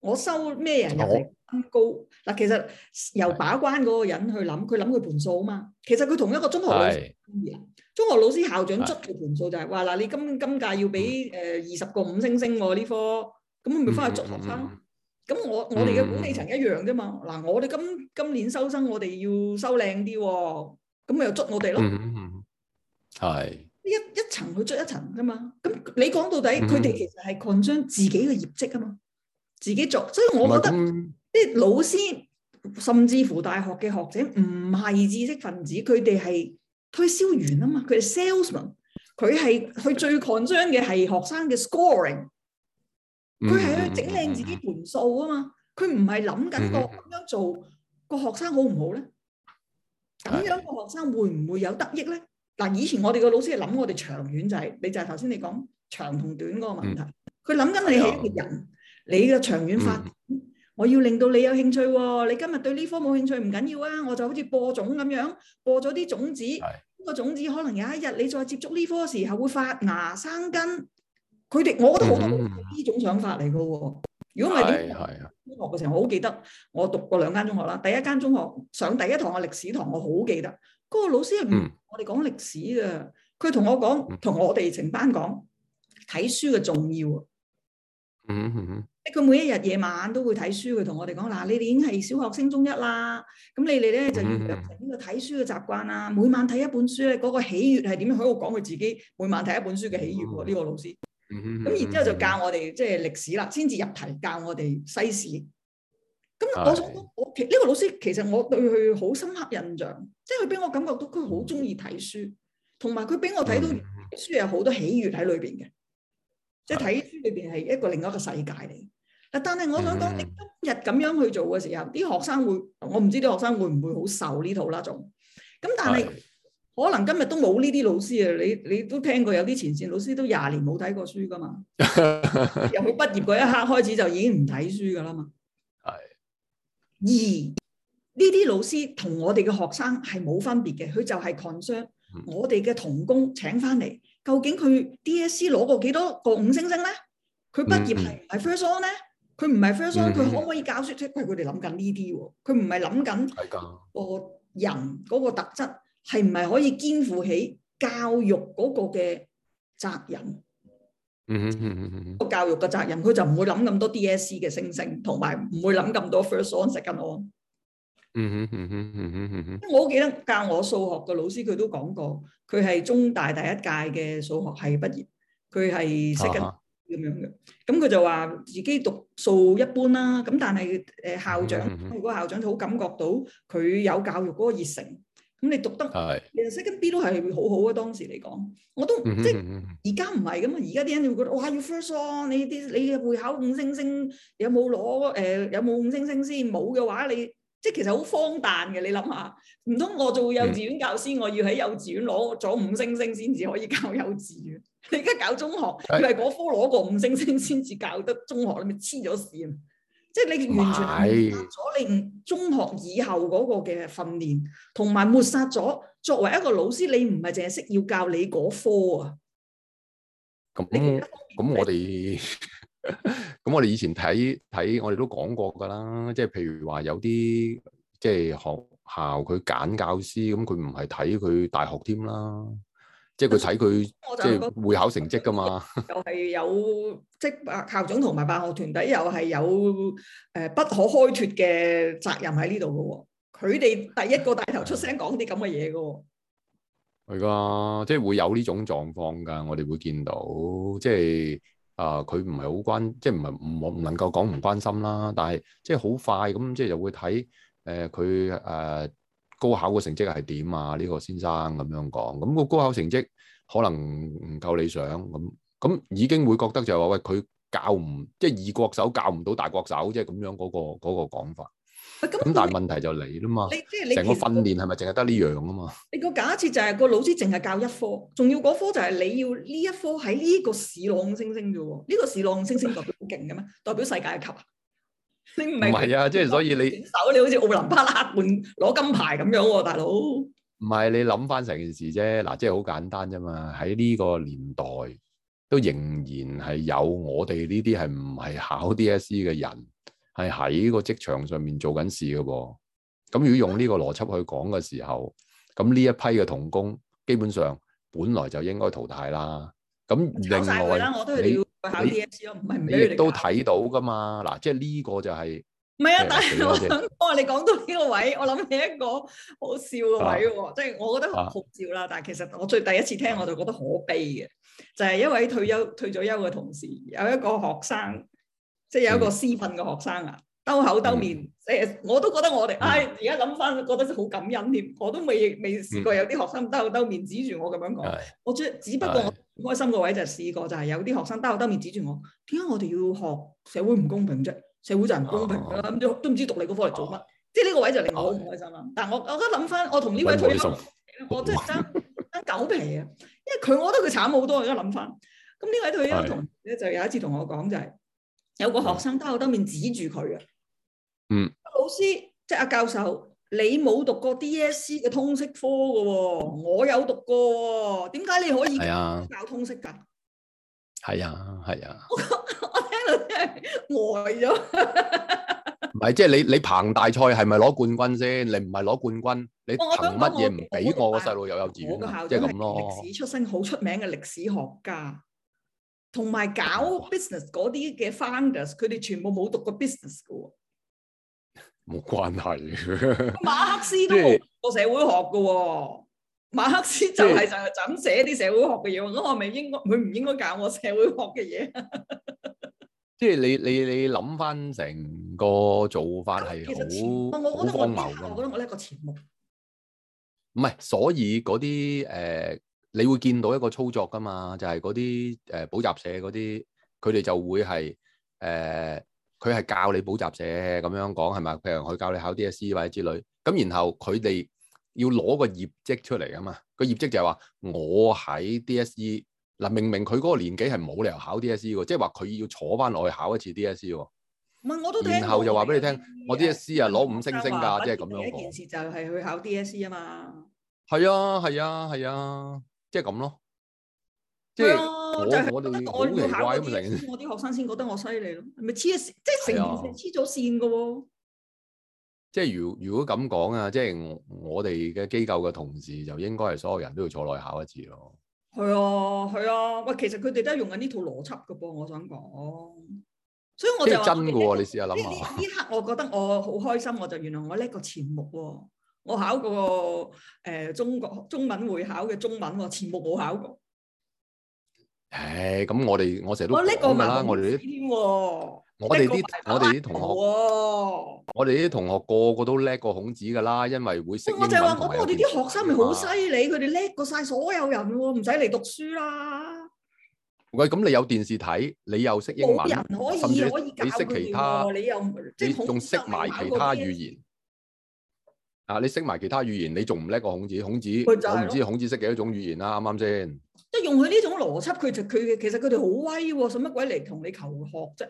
我收咩人入嚟分高？嗱我，其實由把關嗰個人去諗，佢諗佢盤數啊嘛。其實佢同一個中學老師，是中學老師校長執嘅盤數就係話嗱，你今今屆要俾誒二十個五星星喎、啊、呢科。咁咪翻去捉學生，咁、mm hmm. 我我哋嘅管理層一樣啫嘛。嗱、mm hmm.，我哋今今年收生，我哋要收靚啲、哦，咁咪又捉我哋咯。係、mm hmm. 一一層去捉一層噶嘛。咁你講到底，佢哋、mm hmm. 其實係擴張自己嘅業績啊嘛。自己做，所以我覺得啲、mm hmm. 老師甚至乎大學嘅學者唔係知識分子，佢哋係推銷員啊嘛。佢係 salesman，佢係佢最擴張嘅係學生嘅 scoring。佢係去整靚自己盤數啊嘛，佢唔係諗緊個咁樣做個學生好唔好咧？咁樣個學生會唔會有得益咧？嗱，以前我哋個老師係諗我哋長遠就係，你就係頭先你講長同短嗰個問題。佢諗緊你係一個人， <noise> 你嘅長遠發展， <noise> 我要令到你有興趣，哦。你今日對呢科冇興趣唔緊要啊，我就好似播種咁樣播咗啲種子， <noise> 個種子可能有一日你再接觸呢科嘅時候會發芽生根。佢哋，我覺得好多係呢種想法嚟嘅喎。如果唔係點？中學嘅時候，我好記得我讀過兩間中學啦。第一間中學上第一堂嘅歷史堂，我好記得嗰個老師，係我哋講歷史嘅，佢同我講，同我哋成班講睇書嘅重要。嗯嗯嗯，佢每一日夜晚都會睇書嘅，同我哋講嗱，你哋已經係小學升中一啦，咁你哋咧就要養成呢個睇書嘅習慣啦。每晚睇一本書咧，嗰個喜悅係點樣？喺度講佢自己每晚睇一本書嘅喜悅喎，呢個老師。咁然、嗯嗯、之後就教我哋即係歷史啦，先至入題教我哋西史。咁我想講我其呢、呢個老師，其實我對佢好深刻印象，即係佢俾我感覺到佢好中意睇書，同埋佢俾我睇到書有好多喜悦喺裏邊嘅，即係睇書裏邊係一個另外一個世界嚟。但係我想講，你今日咁樣去做嘅時候，啲、嗯、學生會，我唔知啲學生會唔會好受呢套啦，仲咁，但係、嗯。嗯可能今日都冇呢啲老師啊！你你都聽過有啲前線老師都廿年冇睇過書噶嘛？ <laughs> <laughs> 由佢畢業嗰一刻開始就已經唔睇書噶啦嘛。係 <laughs> 而呢啲老師同我哋嘅學生係冇分別嘅，佢就係 concern 我哋嘅同工請翻嚟，究竟佢 D.S.C 攞過幾多個五星星咧？佢畢業係唔係 first one 咧？佢唔係 first one，佢可唔可以教書出？係佢哋諗緊呢啲喎，佢唔係諗緊係㗎個人嗰個特質。係唔係可以肩負起教育嗰個嘅責任？嗯嗯嗯嗯嗯，個、hmm. 教育嘅責任，佢就唔會諗咁多 DSE 嘅星星，同埋唔會諗咁多 first on, second on。嗯哼嗯哼嗯哼嗯哼，hmm. mm hmm. 我記得教我數學嘅老師，佢都講過，佢係中大第一屆嘅數學系畢業，佢係識緊咁樣嘅。咁佢、uh huh. 就話自己讀數一般啦。咁但係誒校長，mm hmm. 如果校長就好感覺到佢有教育嗰個熱誠。咁你讀得，其實識跟 B 都係會好好啊。當時嚟講，我都嗯哼嗯哼即係而家唔係咁嘛，而家啲人會覺得哇，要 first one, 你啲你會考五星星，有冇攞誒有冇、呃、五星星先？冇嘅話，你即係其實好荒誕嘅。你諗下，唔通我做幼稚園教師，嗯、我要喺幼稚園攞咗五星星先至可以教幼稚園？ <laughs> 你而家搞中學，係嗰科攞個五星星先至教得中學，你咪黐咗線？即係你完全抹殺咗你中學以後嗰個嘅訓練，同埋抹殺咗作為一個老師，你唔係淨係識要教你嗰科啊。咁咁、嗯嗯嗯、我哋咁、 <laughs> 嗯、我哋以前睇睇，我哋都講過㗎啦。即係譬如話有啲即係學校佢揀教師，咁佢唔係睇佢大學添啦。即係佢睇佢， <noise> 即係會考成績噶嘛？ <noise> 又係有即係、就是、校長同埋辦學團體又係有誒、呃、不可開脫嘅責任喺呢度噶，佢哋第一個大頭出聲講啲咁嘅嘢噶。係噶，即係會有呢種狀況噶，我哋會見到，即係啊，佢唔係好關，即係唔係唔唔能夠講唔關心啦。但係即係好快咁，即係就會睇誒，佢、呃、啊。高考嘅成績係點啊？呢、這個先生咁樣講，咁、那個高考成績可能唔夠理想，咁咁已經會覺得就係話喂，佢教唔即係二國手教唔到大國手，即係咁樣嗰、那個嗰講、那個、法。咁但係問題就嚟啦嘛，你成個訓練係咪淨係得呢樣啊嘛？你個是是你假設就係個老師淨係教一科，仲要嗰科就係你要呢一科喺呢個市朗星星啫喎，呢、這個市朗星星代表好勁嘅咩？ <laughs> 代表世界級啊？唔係啊，即係所以你手你好似奧林匹克攞金牌咁樣喎，大佬。唔係你諗翻成件事啫，嗱，即係好簡單啫嘛。喺呢個年代都仍然係有我哋呢啲係唔係考 DSE 嘅人，係喺個職場上面做緊事嘅啊。咁如果用呢個邏輯去講嘅時候，咁呢 <laughs> 一批嘅童工，基本上本來就應該淘汰啦。咁另外，考 DSE 唔係，不不你都睇到噶嘛？嗱，即係呢個就係、是。唔係啊，呃、但係我諗，我話你講到呢個位，我諗起一個好笑嘅位嘅，即係、啊、我覺得好笑啦。啊、但係其實我最第一次聽，我就覺得可悲嘅，就係、是、一位退休退咗休嘅同事，有一個學生，即、就、係、是、有一個私訓嘅學生啊。兜口兜面，誒、嗯欸，我都覺得我哋，唉、哎，而家諗翻覺得好感恩添，我都未未試過有啲學生兜口兜面指住我咁樣講，的我即係，只不過我唔開心個位就係試過就係有啲學生兜口兜面指住我，點解我哋要學社會唔公平啫？社會就係唔公平啦，咁、啊啊、都都唔知讀你個科嚟做乜，啊、即係呢個位就令我好唔開心啦。的但係我我而家諗翻，我同呢位退休，係我真係爭爭狗皮啊，因為佢，我覺得佢慘好多。而家諗翻，咁呢位退休嘅同事咧，就有一次同我講就係、是，有個學生兜口兜面指住佢嘅。嗯，老師即係阿教授，你冇讀過 DSE 嘅通識科嘅，我有讀過，點解你可以教通識噶？係啊，係啊。我我聽到真係呆咗。唔係，即係你你彭大賽係咪攞冠軍先？你唔係攞冠軍，你憑乜嘢唔俾我個細路有幼稚園？即係咁咯。歷史出身好出名嘅歷史學家，同埋搞 business 嗰啲嘅 founders，佢哋全部冇讀過 business 嘅。冇關係，馬克思都學過社會學噶喎，馬克思就係就係咁寫啲社會學嘅嘢，咁我咪應該，佢唔應該教我社會學嘅嘢？ <laughs> 即係你你你諗翻成個做法係好好荒謬噶，很我覺得我呢個節目唔係，所以嗰啲誒你會見到一個操作噶嘛，就係嗰啲誒補習社嗰啲，佢哋就會係誒。呃佢係教你補習社，咁樣講係咪？譬如佢教你考 DSE 或者之類，咁然後佢哋要攞個業績出嚟啊嘛。個業績就係話我喺 DSE 嗱，明明佢嗰個年紀係冇理由考 DSE 嘅，即係話佢要坐翻落去考一次 DSE。唔係我都聽。然後就話俾你聽，啊、我 DSE 啊攞五星星噶，即係咁樣。呢件事就係去考 DSE 啊嘛。係啊係啊係啊，即係咁咯。即係我哋代你考一次，我啲學生先覺得我犀利咯，咪黐 <laughs> 啊！即係成成黐咗綫噶喎。即係如如果咁講啊，即係我哋嘅機構嘅同事就應該係所有人都要坐落嚟考一次咯。係啊係啊，喂，其實佢哋都係用緊呢套邏輯噶噃，我想講，所以我就真噶喎、啊，些你試下諗下。呢刻我覺得我好開心，我就原我來我叻個前目喎，我考個誒中國中文會考嘅中文喎，前目冇考過。唉，咁我哋我成日都叻過啦，我哋啲我哋啲我哋啲同學，我哋啲同學個個都叻過孔子噶啦，因為會識英文啊嘛，我就話我，我哋啲學生咪好犀利，佢哋叻過晒所有人喎，唔使嚟讀書啦。喂，咁你有電視睇，你又識英文，甚至可以甚至你識其他，你又即仲識埋其他語言啊？你識埋其他語言，你仲唔叻過孔子？孔子我唔知孔子識幾多種語言啦，啱啱先？用佢呢種邏輯，佢就佢其實佢哋好威喎，使乜鬼嚟同你求學啫？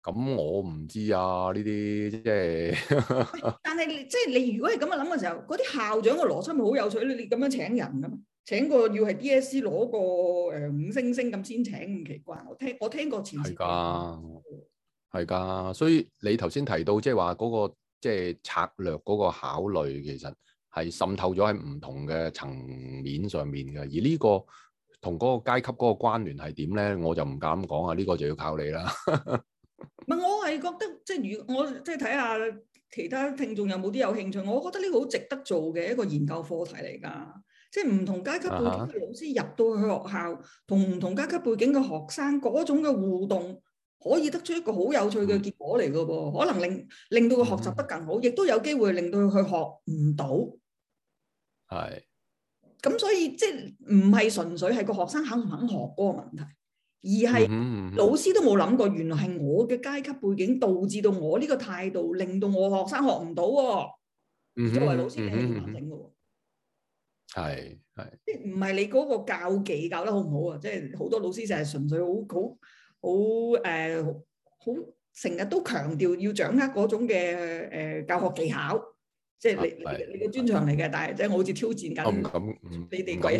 咁我唔知啊，呢啲即係。 <laughs> 但係你即係你，如果係咁樣諗嘅時候，嗰啲校長嘅邏輯咪好有趣咧？你咁樣請人嘅，請要個要係 DSC 攞個誒五星星咁先請，咁奇怪？我聽我聽過前事。係㗎，係㗎。所以你頭先提到、那個、即係話嗰個即係策略嗰個考慮，其實。係滲透咗喺唔同嘅層面上面嘅，而呢個同嗰個階級嗰個關聯係點咧？我就唔敢講啊！呢個就要靠你啦。唔係，我係覺得即係如我即係睇下其他聽眾有冇啲有興趣。我覺得呢個好值得做嘅一個研究課題嚟㗎。即係唔同階級背景嘅老師入到去學校，同唔同階級背景嘅學生嗰種嘅互動，可以得出一個好有趣嘅結果嚟㗎噃。可能令令到佢學習得更好，亦都有機會令到佢去學唔到。係，咁是所以即係唔係純粹係個學生肯唔肯學嗰個問題，而係老師都冇諗過，原來係我嘅階級背景導致到我呢個態度，令到我學生學唔到，哦。嗯，作為老師你係要反省噶喎。係係，即係唔係你嗰個教技教得好唔好啊？即係好多老師就係純粹好好好誒，好成日都強調要掌握嗰種嘅誒、呃、教學技巧。即係你的你你嘅專長嚟嘅，但係即係我好似挑戰緊你哋鬼，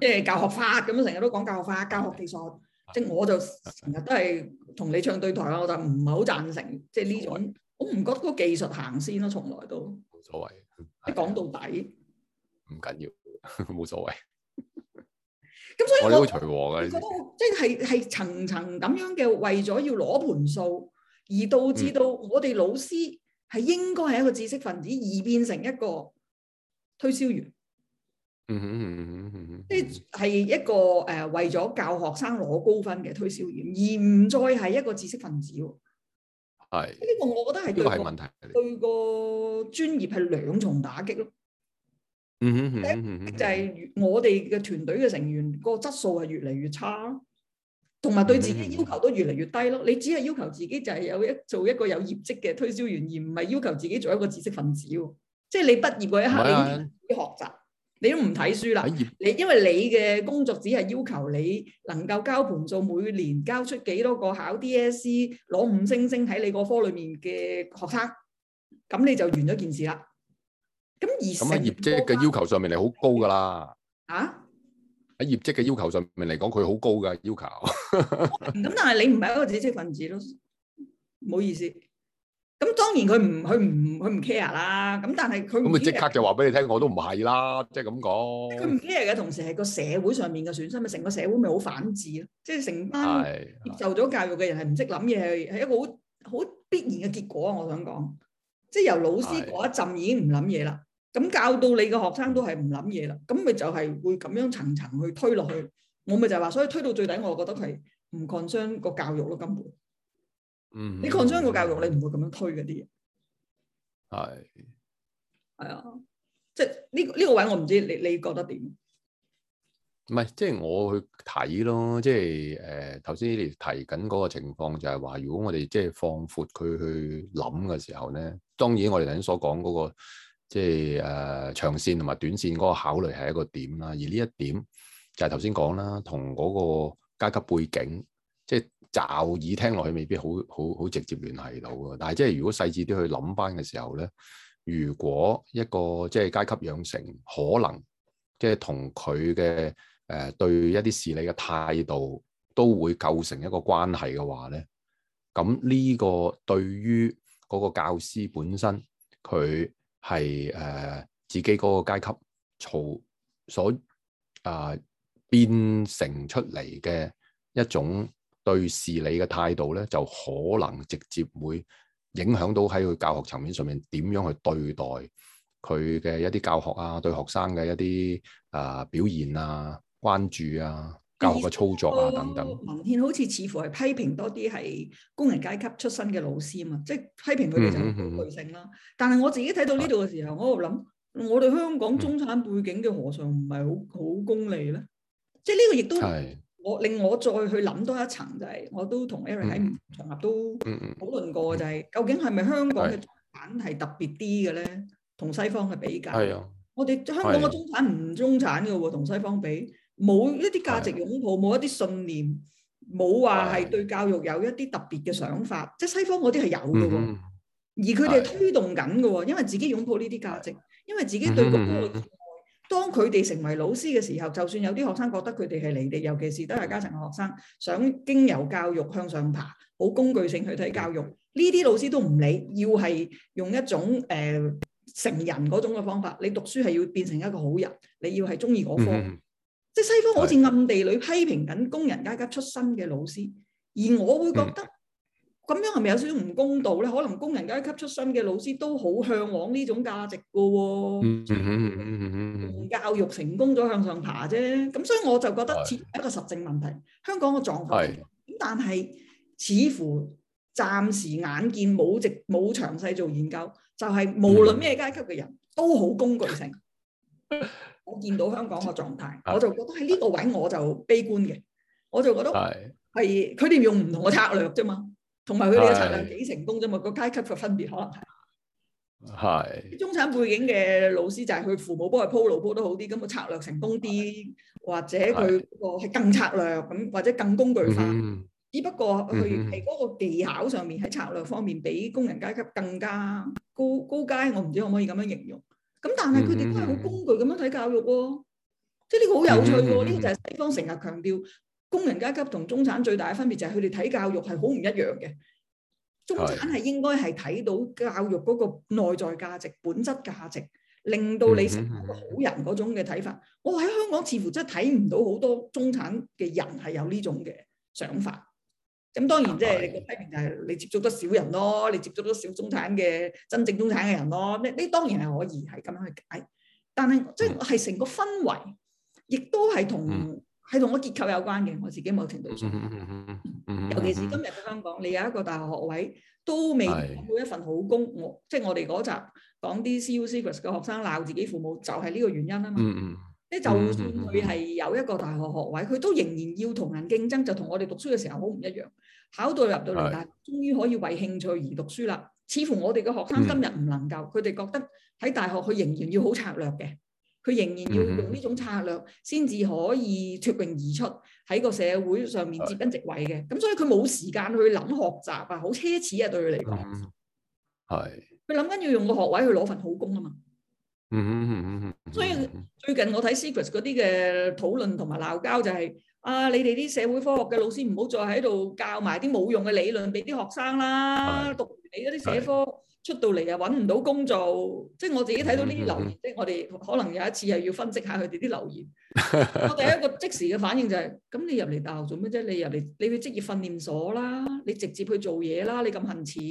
即係 <laughs> 教學法咁樣，成日都講教學法、教學技術。即、就、係、是、我就成日都係同你唱對台啊，我就唔係好贊成。即係呢種，我唔覺得個技術行先咯、啊，從來都冇所謂。即講到底，唔緊要，冇所謂。咁 <laughs> 所以我我都隨和嘅、啊，即係係層層咁樣嘅，為咗要攞盤數，而導致到我哋老師、嗯。係應該係一個知識分子，而變成一個推銷員。嗯哼嗯哼嗯哼，即、嗯、係一個誒、呃，為咗教學生攞高分嘅推銷員，而唔再係一個知識分子喎。呢、哎、個我覺得係對一個問題，對個專業係兩重打擊咯、嗯。嗯嗯嗯就係我哋嘅團隊嘅成員個質素係越嚟越差。同埋對自己要求都越嚟越低咯。你只係要求自己就係有一做一個有業績嘅推銷員，而唔係要求自己做一個知識分子。即係你畢業嗰一刻，啊、你唔要學習，你都唔睇書啦。業你因為你嘅工作只係要求你能夠交盤數，每年交出幾多個考 DSE 攞五星星喺你個科裡面嘅學生，咁你就完咗件事啦。咁而業績嘅要求上面你好高噶啦。啊？喺業績嘅要求上面嚟講，佢好高嘅要求。咁 <laughs> 但係你唔係一個知識分子咯，唔好意思。咁當然佢唔佢唔佢唔 care 啦。咁但係佢咁佢即刻就話俾你聽，我都唔係啦。即係咁講。佢唔 care 嘅同時，係個社會上面嘅損失，咪成個社會咪好反智咯。即係成班接受咗教育嘅人係唔識諗嘢，係是一個好好必然嘅結果，我想講，即、就、係、是、由老師嗰一陣已經唔諗嘢啦。是是咁教到你嘅學生都係唔諗嘢啦，咁咪就係會咁樣層層去推落去，我咪就係話，所以推到最底，我覺得佢係唔擴張個教育咯，根本。嗯。你擴張個教育，嗯、你唔會咁樣推嗰啲嘢。係是。係啊，即係呢呢個位我，我唔知你你覺得點？唔係，即係我去睇咯，即係誒頭先你提緊嗰個情況就，就係話如果我哋即係放闊佢去諗嘅時候咧，當然我哋頭先所講嗰、嗰個。即係誒、呃、長線同埋短線嗰個考慮係一個點啦，而呢一點就係頭先講啦，同嗰個階級背景即係驟耳聽落去未必好好好直接聯繫到嘅。但係即係如果細緻啲去諗翻嘅時候咧，如果一個即係階級養成可能即係同佢嘅誒對一啲事理嘅態度都會構成一個關係嘅話咧，咁呢個對於嗰個教師本身佢。係誒、呃，自己嗰個階級，從所啊、呃，變成出嚟嘅一種對事理嘅態度咧，就可能直接會影響到喺佢教學層面上面點樣去對待佢嘅一啲教學啊，對學生嘅一啲啊、呃、表現啊，關注啊。教學嘅操作啊，等等。文獻好似似乎係批評多啲係工人階級出身嘅老師啊嘛，即係批評佢哋就女性啦。嗯嗯嗯嗯，但係我自己睇到呢度嘅時候，我喺度諗，我哋香港中產背景嘅何嘗唔係好好功利咧？即係呢個亦都是我令我再去諗多一層，就係、是、我都 Eric 同 Eric 喺唔同場合都討論過就係究竟係咪香港嘅中產係特別啲嘅咧？同西方嘅比較，我哋香港嘅中產唔中產嘅喎，同西方比。冇一啲價值擁抱，冇的一啲信念，冇話係對教育有一啲特別嘅想法。即係西方嗰啲係有嘅喎，嗯、哼而佢哋推動緊嘅喎，的因為自己擁抱呢啲價值，因為自己對嗰個。嗯、哼當佢哋成為老師嘅時候，就算有啲學生覺得佢哋係離地，尤其是基層嘅學生，想經由教育向上爬，好工具性去睇教育，呢啲老師都唔理。要係用一種誒、呃、成人嗰種嘅方法，你讀書係要變成一個好人，你要係鍾意嗰科。即係西方好似暗地裏批評緊工人階級出身嘅老師，而我會覺得咁、嗯、樣係咪有少少唔公道咧？可能工人階級出身嘅老師都好向往呢種價值嘅喎，教育成功咗向上爬啫。咁所以我就覺得似係一個實證問題，嗯、香港嘅狀況。咁是但係似乎暫時眼見冇值冇詳細做研究，就係、是、無論咩階級嘅人、嗯、都好工具性。 <laughs> 我見到香港個狀態，我就覺得喺呢個位我就悲觀嘅。我就覺得係，係佢哋用唔同嘅策略啫嘛，同埋佢哋嘅策略幾成功啫嘛。個階級嘅分別可能係，係中產背景嘅老師就係佢父母幫佢鋪路鋪得好啲，咁個策略成功啲，或者佢個係更策略咁，或者更工具化，只不過佢係嗰個技巧上面喺策略方面比工人階級更加高高階。我唔知可唔可以咁樣形容。咁但係佢哋都係好工具咁樣睇教育啊，即係呢個好有趣啊。呢個就係西方成日強調工人階級同中產最大嘅分別就係佢哋睇教育係好唔一樣嘅。中產係應該係睇到教育嗰個內在價值、本質價值，令到你成為好人嗰種嘅睇法。 <music> 我喺香港似乎真係睇唔到好多中產嘅人係有呢種嘅想法。咁當然即係你個批評就係你接觸得少人咯，你接觸得少中產嘅真正中產嘅人咯。呢呢當然係可以係咁樣去解，但係即係係成個氛圍，亦都係同係同個結構有關嘅。我自己某程度上。尤其是今日嘅香港，你有一個大學學位都未揾到一份好工，我即係我哋嗰集講啲 CU 嘅學生鬧自己父母，就係呢個原因啊嘛。即就算佢係有一個大學學位，佢都仍然要同人競爭，就同我哋讀書嘅時候好唔一樣。考到入到嚟啦，終於可以為興趣而讀書啦。似乎我哋嘅學生今日唔能夠，佢哋覺得喺大學佢仍然要好策略嘅，佢仍然要用呢種策略先至可以脫穎而出喺個社會上面接近席位嘅。咁所以佢冇時間去諗學習啊，好奢侈啊對佢嚟講。係。佢諗緊要用個學位去攞份好工啊嘛。嗯嗯嗯嗯嗯。所以最近我睇 Secret 嗰啲嘅討論同埋鬧交就係。啊！你哋啲社會科學嘅老師唔好再喺度教埋啲冇用嘅理論俾啲學生啦，是讀完你嗰啲社科是出到嚟又揾唔到工做。即係我自己睇到呢啲留言，即係、嗯嗯、我哋可能有一次又要分析下佢哋啲留言。 <laughs> 我第一個即時嘅反應就係、是：，咁你入嚟大學做咩啫？你入嚟你去職業訓練所啦，你直接去做嘢啦。你咁恨錢，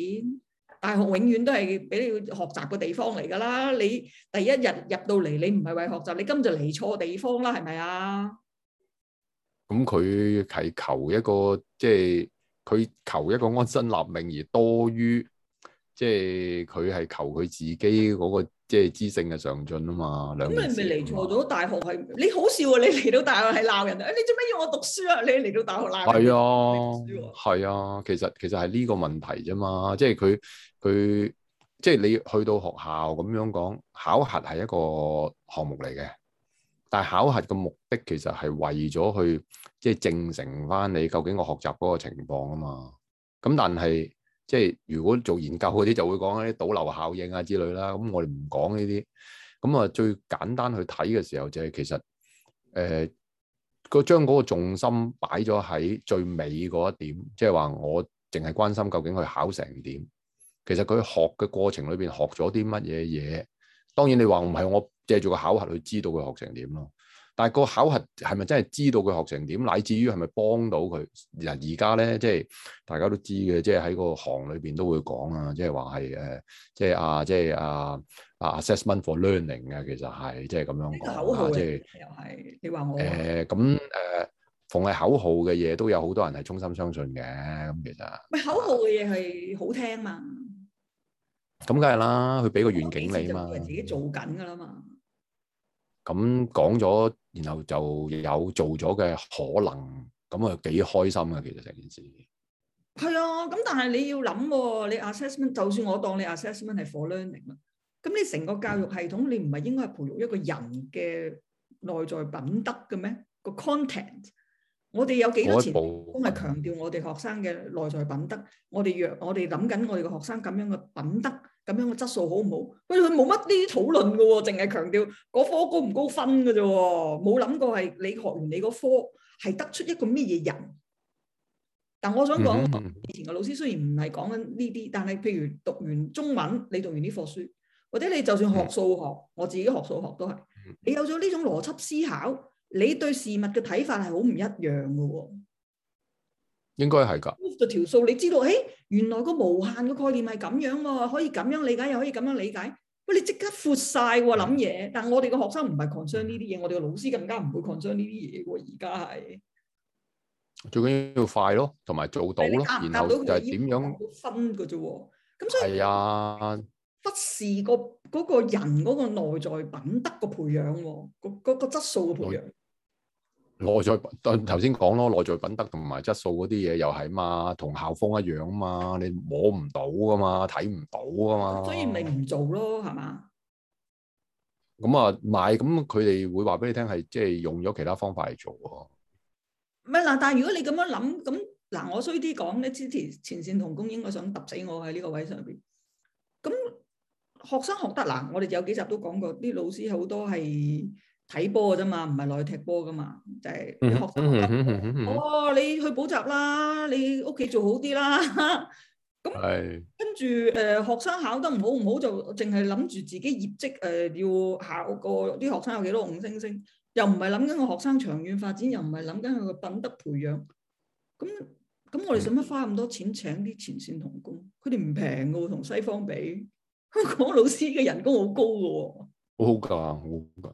大學永遠都係俾你學習嘅地方嚟㗎啦。你第一日入到嚟，你唔係為學習，你今就嚟錯地方啦，係咪啊？咁佢係求一個，即係佢求一個安身立命，而多於即係佢係求佢自己嗰個即係知性嘅上進啊嘛。咁你咪嚟錯咗大學係，你好笑喎！你嚟到大學係鬧人啊！你做咩要我讀書啊？你嚟到大學鬧人啊，係啊，係啊，其實其實係呢個問題啫嘛。即係佢佢即係你去到學校咁樣講考核係一個項目嚟嘅。但係考核嘅目的其實係為咗去即係證成翻你究竟我學習嗰個情況啊嘛，咁但係即係如果做研究嗰啲就會講啲倒流效應啊之類啦，咁我哋唔講呢啲，咁啊最簡單去睇嘅時候就係其實誒佢將嗰個重心擺咗喺最尾嗰一點，即係話我淨係關心究竟佢考成點，其實佢學嘅過程裏邊學咗啲乜嘢嘢，當然你話唔係我。即係做個考核去知道佢學成點咯，但係個考核係咪真係知道佢學成點，乃至於係咪幫到佢？嗱而家咧，即係大家都知嘅，即係喺個行裏邊都會講啊，即係話係誒，即係啊，即係啊，assessment for learning 嘅，其實係即係咁樣，即係又係你話我誒咁誒，逢係口號嘅嘢都有好多人係衷心相信嘅，咁其實咪口號嘅嘢係好聽嘛，咁梗係啦，佢俾個願景你啊嘛，自己做緊㗎啦嘛。咁、嗯、講咗，然後就有做咗嘅可能，咁啊幾開心嘅其實成件事。係啊，咁但係你要諗喎、哦，你 assessment 就算我當你 assessment 係 for learning 啦，咁你成個教育系統，你唔係應該係培育一個人嘅內在品德嘅咩？個 content，我哋有幾多錢都係強調我哋學生嘅內在品德，我哋若我哋諗緊我哋嘅學生咁樣嘅品德。咁樣嘅質素好唔好？佢哋冇乜呢啲討論嘅，淨係強調嗰科高唔高分嘅啫，冇諗過係你學完你嗰科係得出一個咩嘢人。但我想講，以前嘅老師雖然唔係講緊呢啲，但係譬如讀完中文，你讀完呢課書，或者你就算學數學，我自己學數學都係，你有咗呢種邏輯思考，你對事物嘅睇法係好唔一樣嘅。應該係噶，就條數你知道，誒，原來個無限個概念係咁樣喎，可以咁樣理解，又可以咁樣理解。喂，你即刻闊晒，諗嘢、嗯。但我哋個學生唔係 concern 呢啲嘢，我哋個老師更加唔會 concern 呢啲嘢。而家係最緊要快咯，同埋做到咯。硬硬然後就點樣分嘅啫？咁所以係啊，忽視個嗰、嗰個人嗰、嗰個內在品德個培養，嗰個個、嗰個質素嘅培養。內在品德，頭先講咯，內在品德同埋質素嗰啲嘢又係嘛，同校風一樣嘛，你摸唔到㗎嘛，睇唔到㗎嘛，所以咪唔做咯，係嘛？咁啊買，咁佢哋會話俾你聽係即係用咗其他方法嚟做喎。咪嗱，但係如果你咁樣諗，咁嗱我衰啲講咧，之前前線同工應該想揼死我喺呢個位上邊。咁學生學得嗱，我哋有幾集都講過，啲老師好多係睇波嘅啫嘛，唔係落去踢波噶嘛，就係、是、你學生 <noise> 哦。你去補習啦，你屋企做好啲啦。咁 <laughs> 那是跟住誒、呃、學生考得唔好唔好就淨係諗住自己業績誒、呃、要考過啲學生有幾多五星星，又唔係諗緊個學生長遠發展，又唔係諗緊佢嘅品德培養。咁咁我哋使乜花咁多錢請啲前線同工？佢哋唔平嘅喎，同 <noise> 西方比，香港老師嘅人工高好高嘅喎。好好㗎，好好㗎。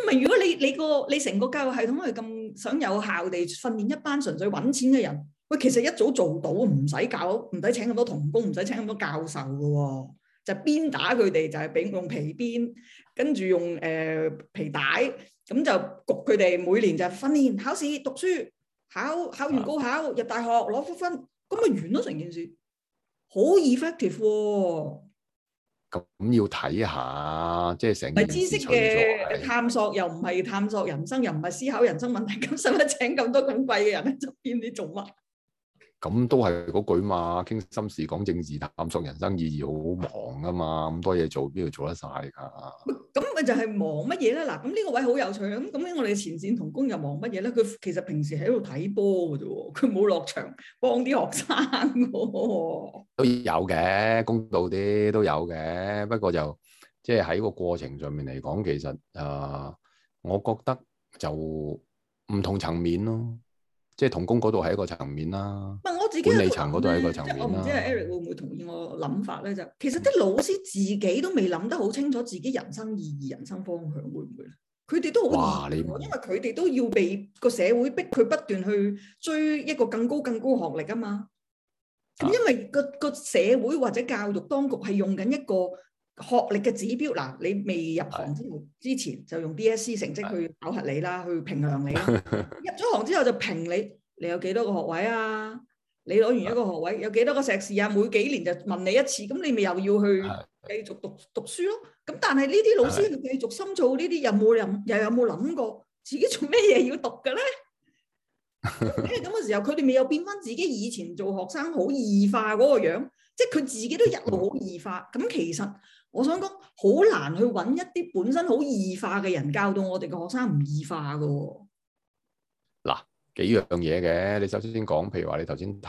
因為如果你你個你成個教育系統係咁想有效地訓練一班純粹揾錢嘅人，喂，其實一早做到唔使教，唔使請咁多童工，唔使請咁多教授嘅喎、哦，就是、鞭打佢哋，就係、是、俾用皮鞭，跟住用誒、呃、皮帶，咁就焗佢哋每年就訓練、考試、讀書、考考完高考入大學攞分，分，咁咪完咯成件事，好 effective 喎。咁要睇下，即係成啲知識嘅探索是又唔係探索人生，又唔係思考人生問題，咁使乜請咁多咁貴嘅人喺側邊？你做乜？咁都係嗰句嘛，傾心事、講政治、探索人生意義，好忙啊嘛！咁多嘢做，邊度做得晒㗎，啊？咁咪就係忙乜嘢咧？嗱，咁呢個位好有趣啦。咁咁咧，我哋前線同工又忙乜嘢咧？佢其實平時喺度睇波㗎啫，佢冇落場幫啲學生喎。都有嘅，公道啲都有嘅，不過就即係喺個過程上面嚟講，其實啊、呃，我覺得就唔同層面咯，即係同工嗰度係一個層面啦。未層嗰度係一個層面，即係我唔知阿 Eric 會唔會同意我諗法咧？就其實啲老師自己都未諗得好清楚自己人生意義、人生方向會唔會咧？佢哋都好嘩，你，因為佢哋都要被個社會逼佢不斷去追一個更高、更高學歷啊嘛。咁因為個個社會或者教育當局係用緊一個學歷嘅指標。嗱，你未入行之之前就用 DSE 成績去考核你啦，去衡量你。入咗行之後就評你，你有幾多個學位啊？你攞完一個學位，有幾多個碩士啊？每幾年就問你一次，咁你咪又要去繼續讀讀書咯。咁但係呢啲老師繼續深造呢啲，有冇又又有冇諗過自己做咩嘢要讀嘅咧？咁嘅 <laughs> 時候，佢哋未有變翻自己以前做學生好異化嗰個樣，即係佢自己都一路好異化。咁其實我想講，好難去揾一啲本身好異化嘅人教到我哋嘅學生唔異化嘅。幾樣嘢嘅，你首先先講，譬如話你頭先提，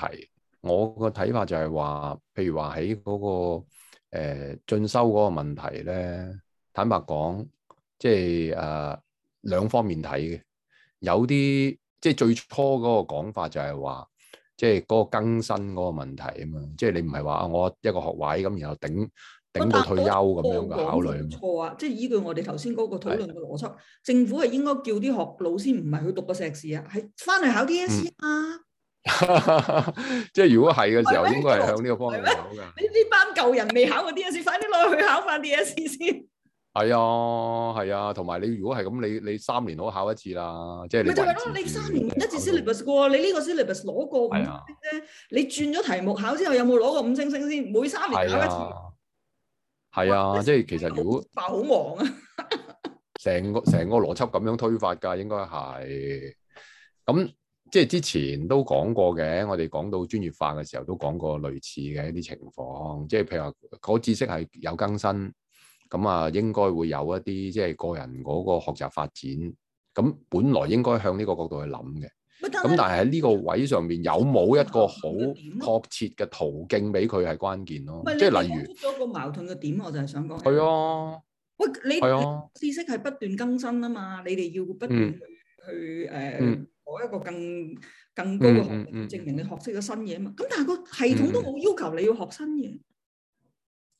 我個睇法就係話，譬如話喺嗰個誒、呃、進修嗰個問題咧，坦白講，即係誒兩方面睇嘅，有啲即係最初嗰個講法就係話，即係嗰個更新嗰個問題啊嘛，即係你唔係話我一個學位咁，然後頂。到退休咁樣嘅考慮，錯啊！即係依據我哋頭先嗰個討論嘅邏輯，是政府係應該叫啲學老師唔係去讀個碩士啊，係翻嚟考 DSE 啊。嗯、 <laughs> 即係如果係嘅時候，應該係向呢個方向走噶。你呢班舊人未考過 DSE，快啲落去考翻 DSE 先。係啊，係啊，同埋你如果係咁，你你三年可考一次啦。即係你、啊、你三年一次 syllabus 嘅你呢個 syllabus 攞過五星啫，啊、你轉咗題目考之後，有冇攞過五星星先？每三年考一次。係啊，即係其實如果，化好忙啊！成個成個邏輯咁樣推發㗎，應該係咁。即係之前都講過嘅，我哋講到專業化嘅時候都講過類似嘅一啲情況。即係譬如話，嗰知識係有更新，咁啊，應該會有一啲即係個人嗰個學習發展。咁本來應該向呢個角度去諗嘅。咁但係喺呢個位上面有冇一個好確切嘅途徑俾佢係關鍵咯，即係例如咗個矛盾嘅點，我就係想講，係啊，喂，你、啊、你知識係不斷更新啊嘛，你哋要不斷去、嗯、去誒，攞、呃嗯、一個更更高嘅學歷，證明你學識咗新嘢啊嘛，咁但係個系統都冇要求你要學新嘢，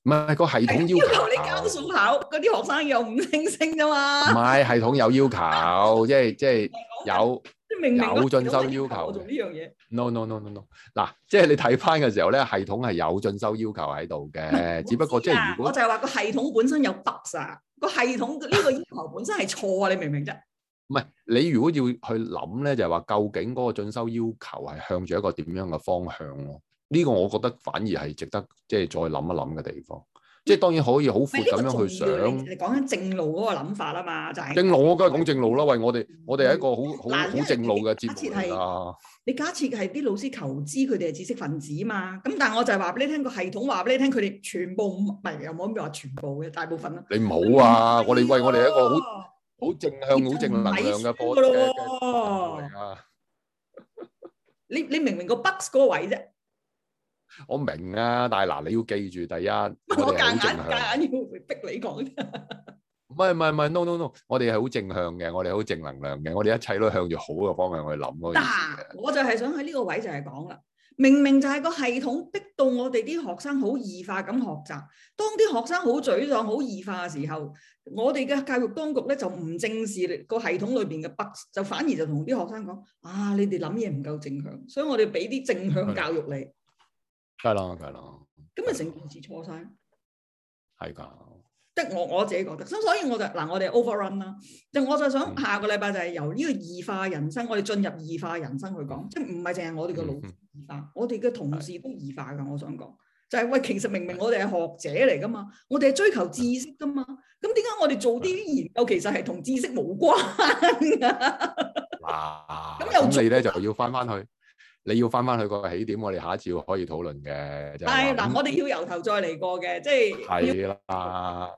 唔係個系統要求你教數，考嗰啲學生有五星星咋嘛，唔係系統有要求，即係即係有。有進修要求。呢樣嘢 no no no no no、啊。嗱，即係你睇翻嘅時候咧，系統係有進修要求喺度嘅。不是只不過即係如果我就係話個系統本身有 bug 啊，個系統呢個要求本身係錯啊，你明唔明啫？唔係你如果要去諗咧，就係、是、話究竟嗰個進修要求係向住一個點樣嘅方向咯、啊？呢、這個我覺得反而係值得即係再諗一諗嘅地方。即係當然可以好闊咁樣去想，你講緊正路嗰個諗法啊嘛，就係正路，我梗係講正路啦。為我哋，我哋係一個好好好正路嘅節目嚟嘅。你假設係啲老師求知，佢哋係知識分子嘛。咁但係我就係話俾你聽，個系統話俾你聽，佢哋全部唔係有冇咁話全部嘅，大部分咯。你唔好啊！我哋為我哋一個好好正向、好正能量嘅課題啊！你你明唔明個 box 嗰位啫？我明啊，但係嗱，你要記住第一，我夾硬夾硬要逼你講，唔係唔係唔係，no no no，我哋係好正向嘅，我哋好正能量嘅，我哋一切都向住好嘅方向去諗嗱，但以我就係想喺呢個位就係講啦，明明就係個系統逼到我哋啲學生好異化咁學習，當啲學生好沮喪、好異化嘅時候，我哋嘅教育當局咧就唔正視個系統裏邊嘅不足，就反而就同啲學生講啊，你哋諗嘢唔夠正向，所以我哋俾啲正向教育你。 <laughs> 係咯，係咯。咁咪成件事錯晒，係噶。得我我自己覺得，咁所以我就嗱，我哋 overrun 啦。就我就想下個禮拜就係由呢個異化人生，我哋進入異化人生去講，即係唔係淨係我哋嘅老師異化，我哋嘅同事都異化噶。我想講就係喂，其實明明我哋係學者嚟噶嘛，我哋係追求知識噶嘛，咁點解我哋做啲研究其實係同知識冇關？哇！咁又咁你咧就要翻翻去。你要翻翻去個起點，我哋下次可以討論嘅。但係嗱，我哋要由頭再嚟過嘅，即係係啦，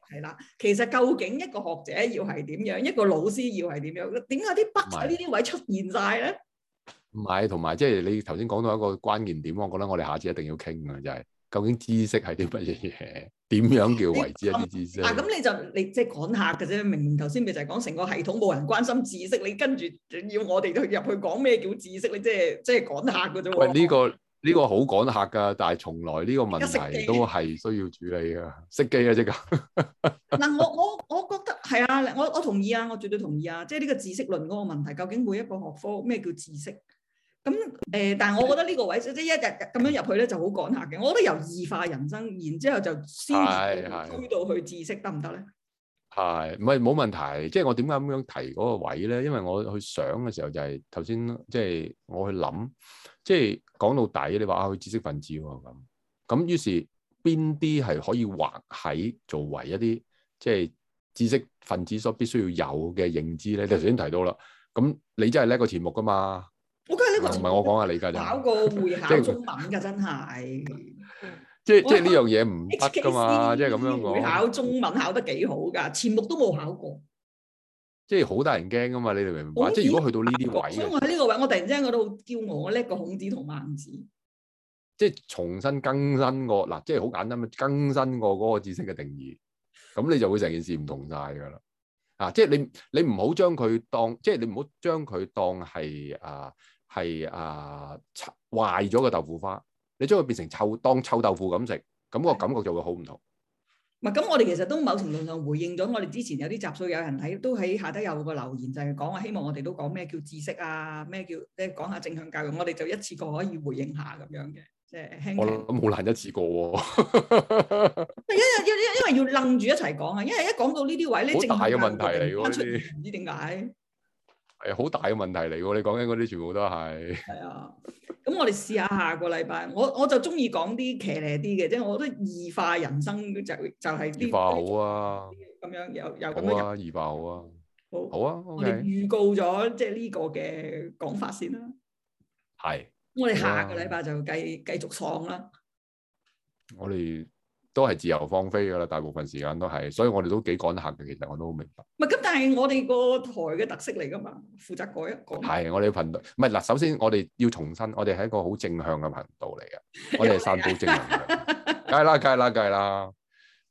係啦的。其實究竟一個學者要係點樣，一個老師要係點樣？點解啲北呢啲位出現晒咧？唔係，同埋即係你頭先講到一個關鍵點，我覺得我哋下次一定要傾嘅就係、是，究竟知識係啲乜嘢嘢？ <laughs> 點樣叫為之一啲知識啊？咁、 <laughs> 啊、你就你即係趕客嘅啫。明明頭先咪就係講成個系統冇人關心知識，你跟住要我哋都入去講咩叫知識？你即係即係趕客嘅啫。就是、喂，呢、呢個呢、呢個好趕客噶，但係從來呢個問題都係需要處理噶。識機啊，即刻。嗱、 <laughs> 啊，我我我覺得係啊，我我同意啊，我絕對同意啊。即係呢個知識論嗰個問題，究竟每一個學科咩叫知識？咁誒、呃，但係我覺得呢個位即係一日日咁樣入去咧，就好趕下嘅。我覺得由異化人生，然之後就先追到去知識得唔得咧？係唔係冇問題？即、就、係、是、我點解咁樣提嗰個位咧？因為我去想嘅時候就係頭先，即係、就是、我去諗，即係講到底你話啊，去知識分子喎咁咁，於是邊啲係可以畫喺作為一啲即係知識分子所必須要有嘅認知咧？就頭先提到啦。咁的你真係叻個節目㗎嘛？唔係我講下你噶就考過會考中文噶，真係 <laughs> 即係 <laughs> 即係呢樣嘢唔得噶嘛，K 即係咁樣講。考中文考得幾好噶，全部都冇考過，即係好得人驚噶嘛，你哋明唔明啊？即係如果去到呢啲位，因為喺呢個位，我突然之間我都好驕傲，我叻過孔子同孟子。即係重新更新過嗱，即係好簡單啊！更新過嗰個知識嘅定義，咁你就會成件事唔同晒噶啦。啊，即係你你唔好將佢當，即係你唔好將佢當係啊。係啊，壞咗個豆腐花，你將佢變成臭，當臭豆腐咁食，咁個感覺就會好唔同。係，咁我哋其實都某程度上回應咗，我哋之前有啲集數，有人喺都喺下底有個留言就，就係講話希望我哋都講咩叫知識啊，咩叫即係講下正向教育，我哋就一次過可以回應下咁樣嘅，即、就、係、是、我諗好難一次過、哦 <laughs> 因要。因為因因為要楞住一齊講啊，因為一講到呢啲位，呢好大嘅問題嚟嗰唔知點解。係好、欸、大嘅問題嚟㗎，你講緊嗰啲全部都係。係 <laughs> 啊，咁我哋試下下個禮拜，我我就中意講啲騎呢啲嘅，即係我覺得異化人生就就係、是、二化好啊，咁樣又又咁、啊、樣二化好啊，好好啊，okay，我哋預告咗即係呢個嘅講法先啦。係。我哋下個禮拜就繼繼續爽啦。我哋。都係自由放飛噶啦，大部分時間都係，所以我哋都幾趕客嘅。其實我都好明白。唔係咁，但係我哋個台嘅特色嚟噶嘛，負責嗰一個。係，我哋頻道唔係嗱，首先我哋要重新，我哋係一個好正向嘅頻道嚟嘅，我哋係散布正向。梗係啦，梗係啦，梗係啦，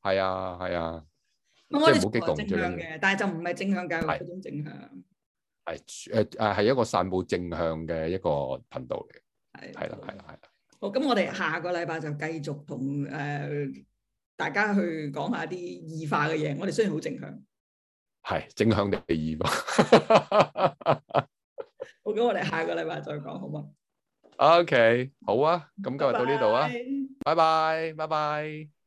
係啊，係啊。即係唔好激動，正向嘅，但係就唔係正向嘅話嗰種正向。係誒誒，係一個散布正向嘅一個頻道嚟嘅，係啦，係啦，係好，咁我哋下個禮拜就繼續同誒、呃、大家去講下啲異化嘅嘢。我哋雖然好正向，係正向定係異化？好，咁我哋下個禮拜再講，好嘛？OK，好啊。咁今日到呢度啊，拜拜 bye，拜拜。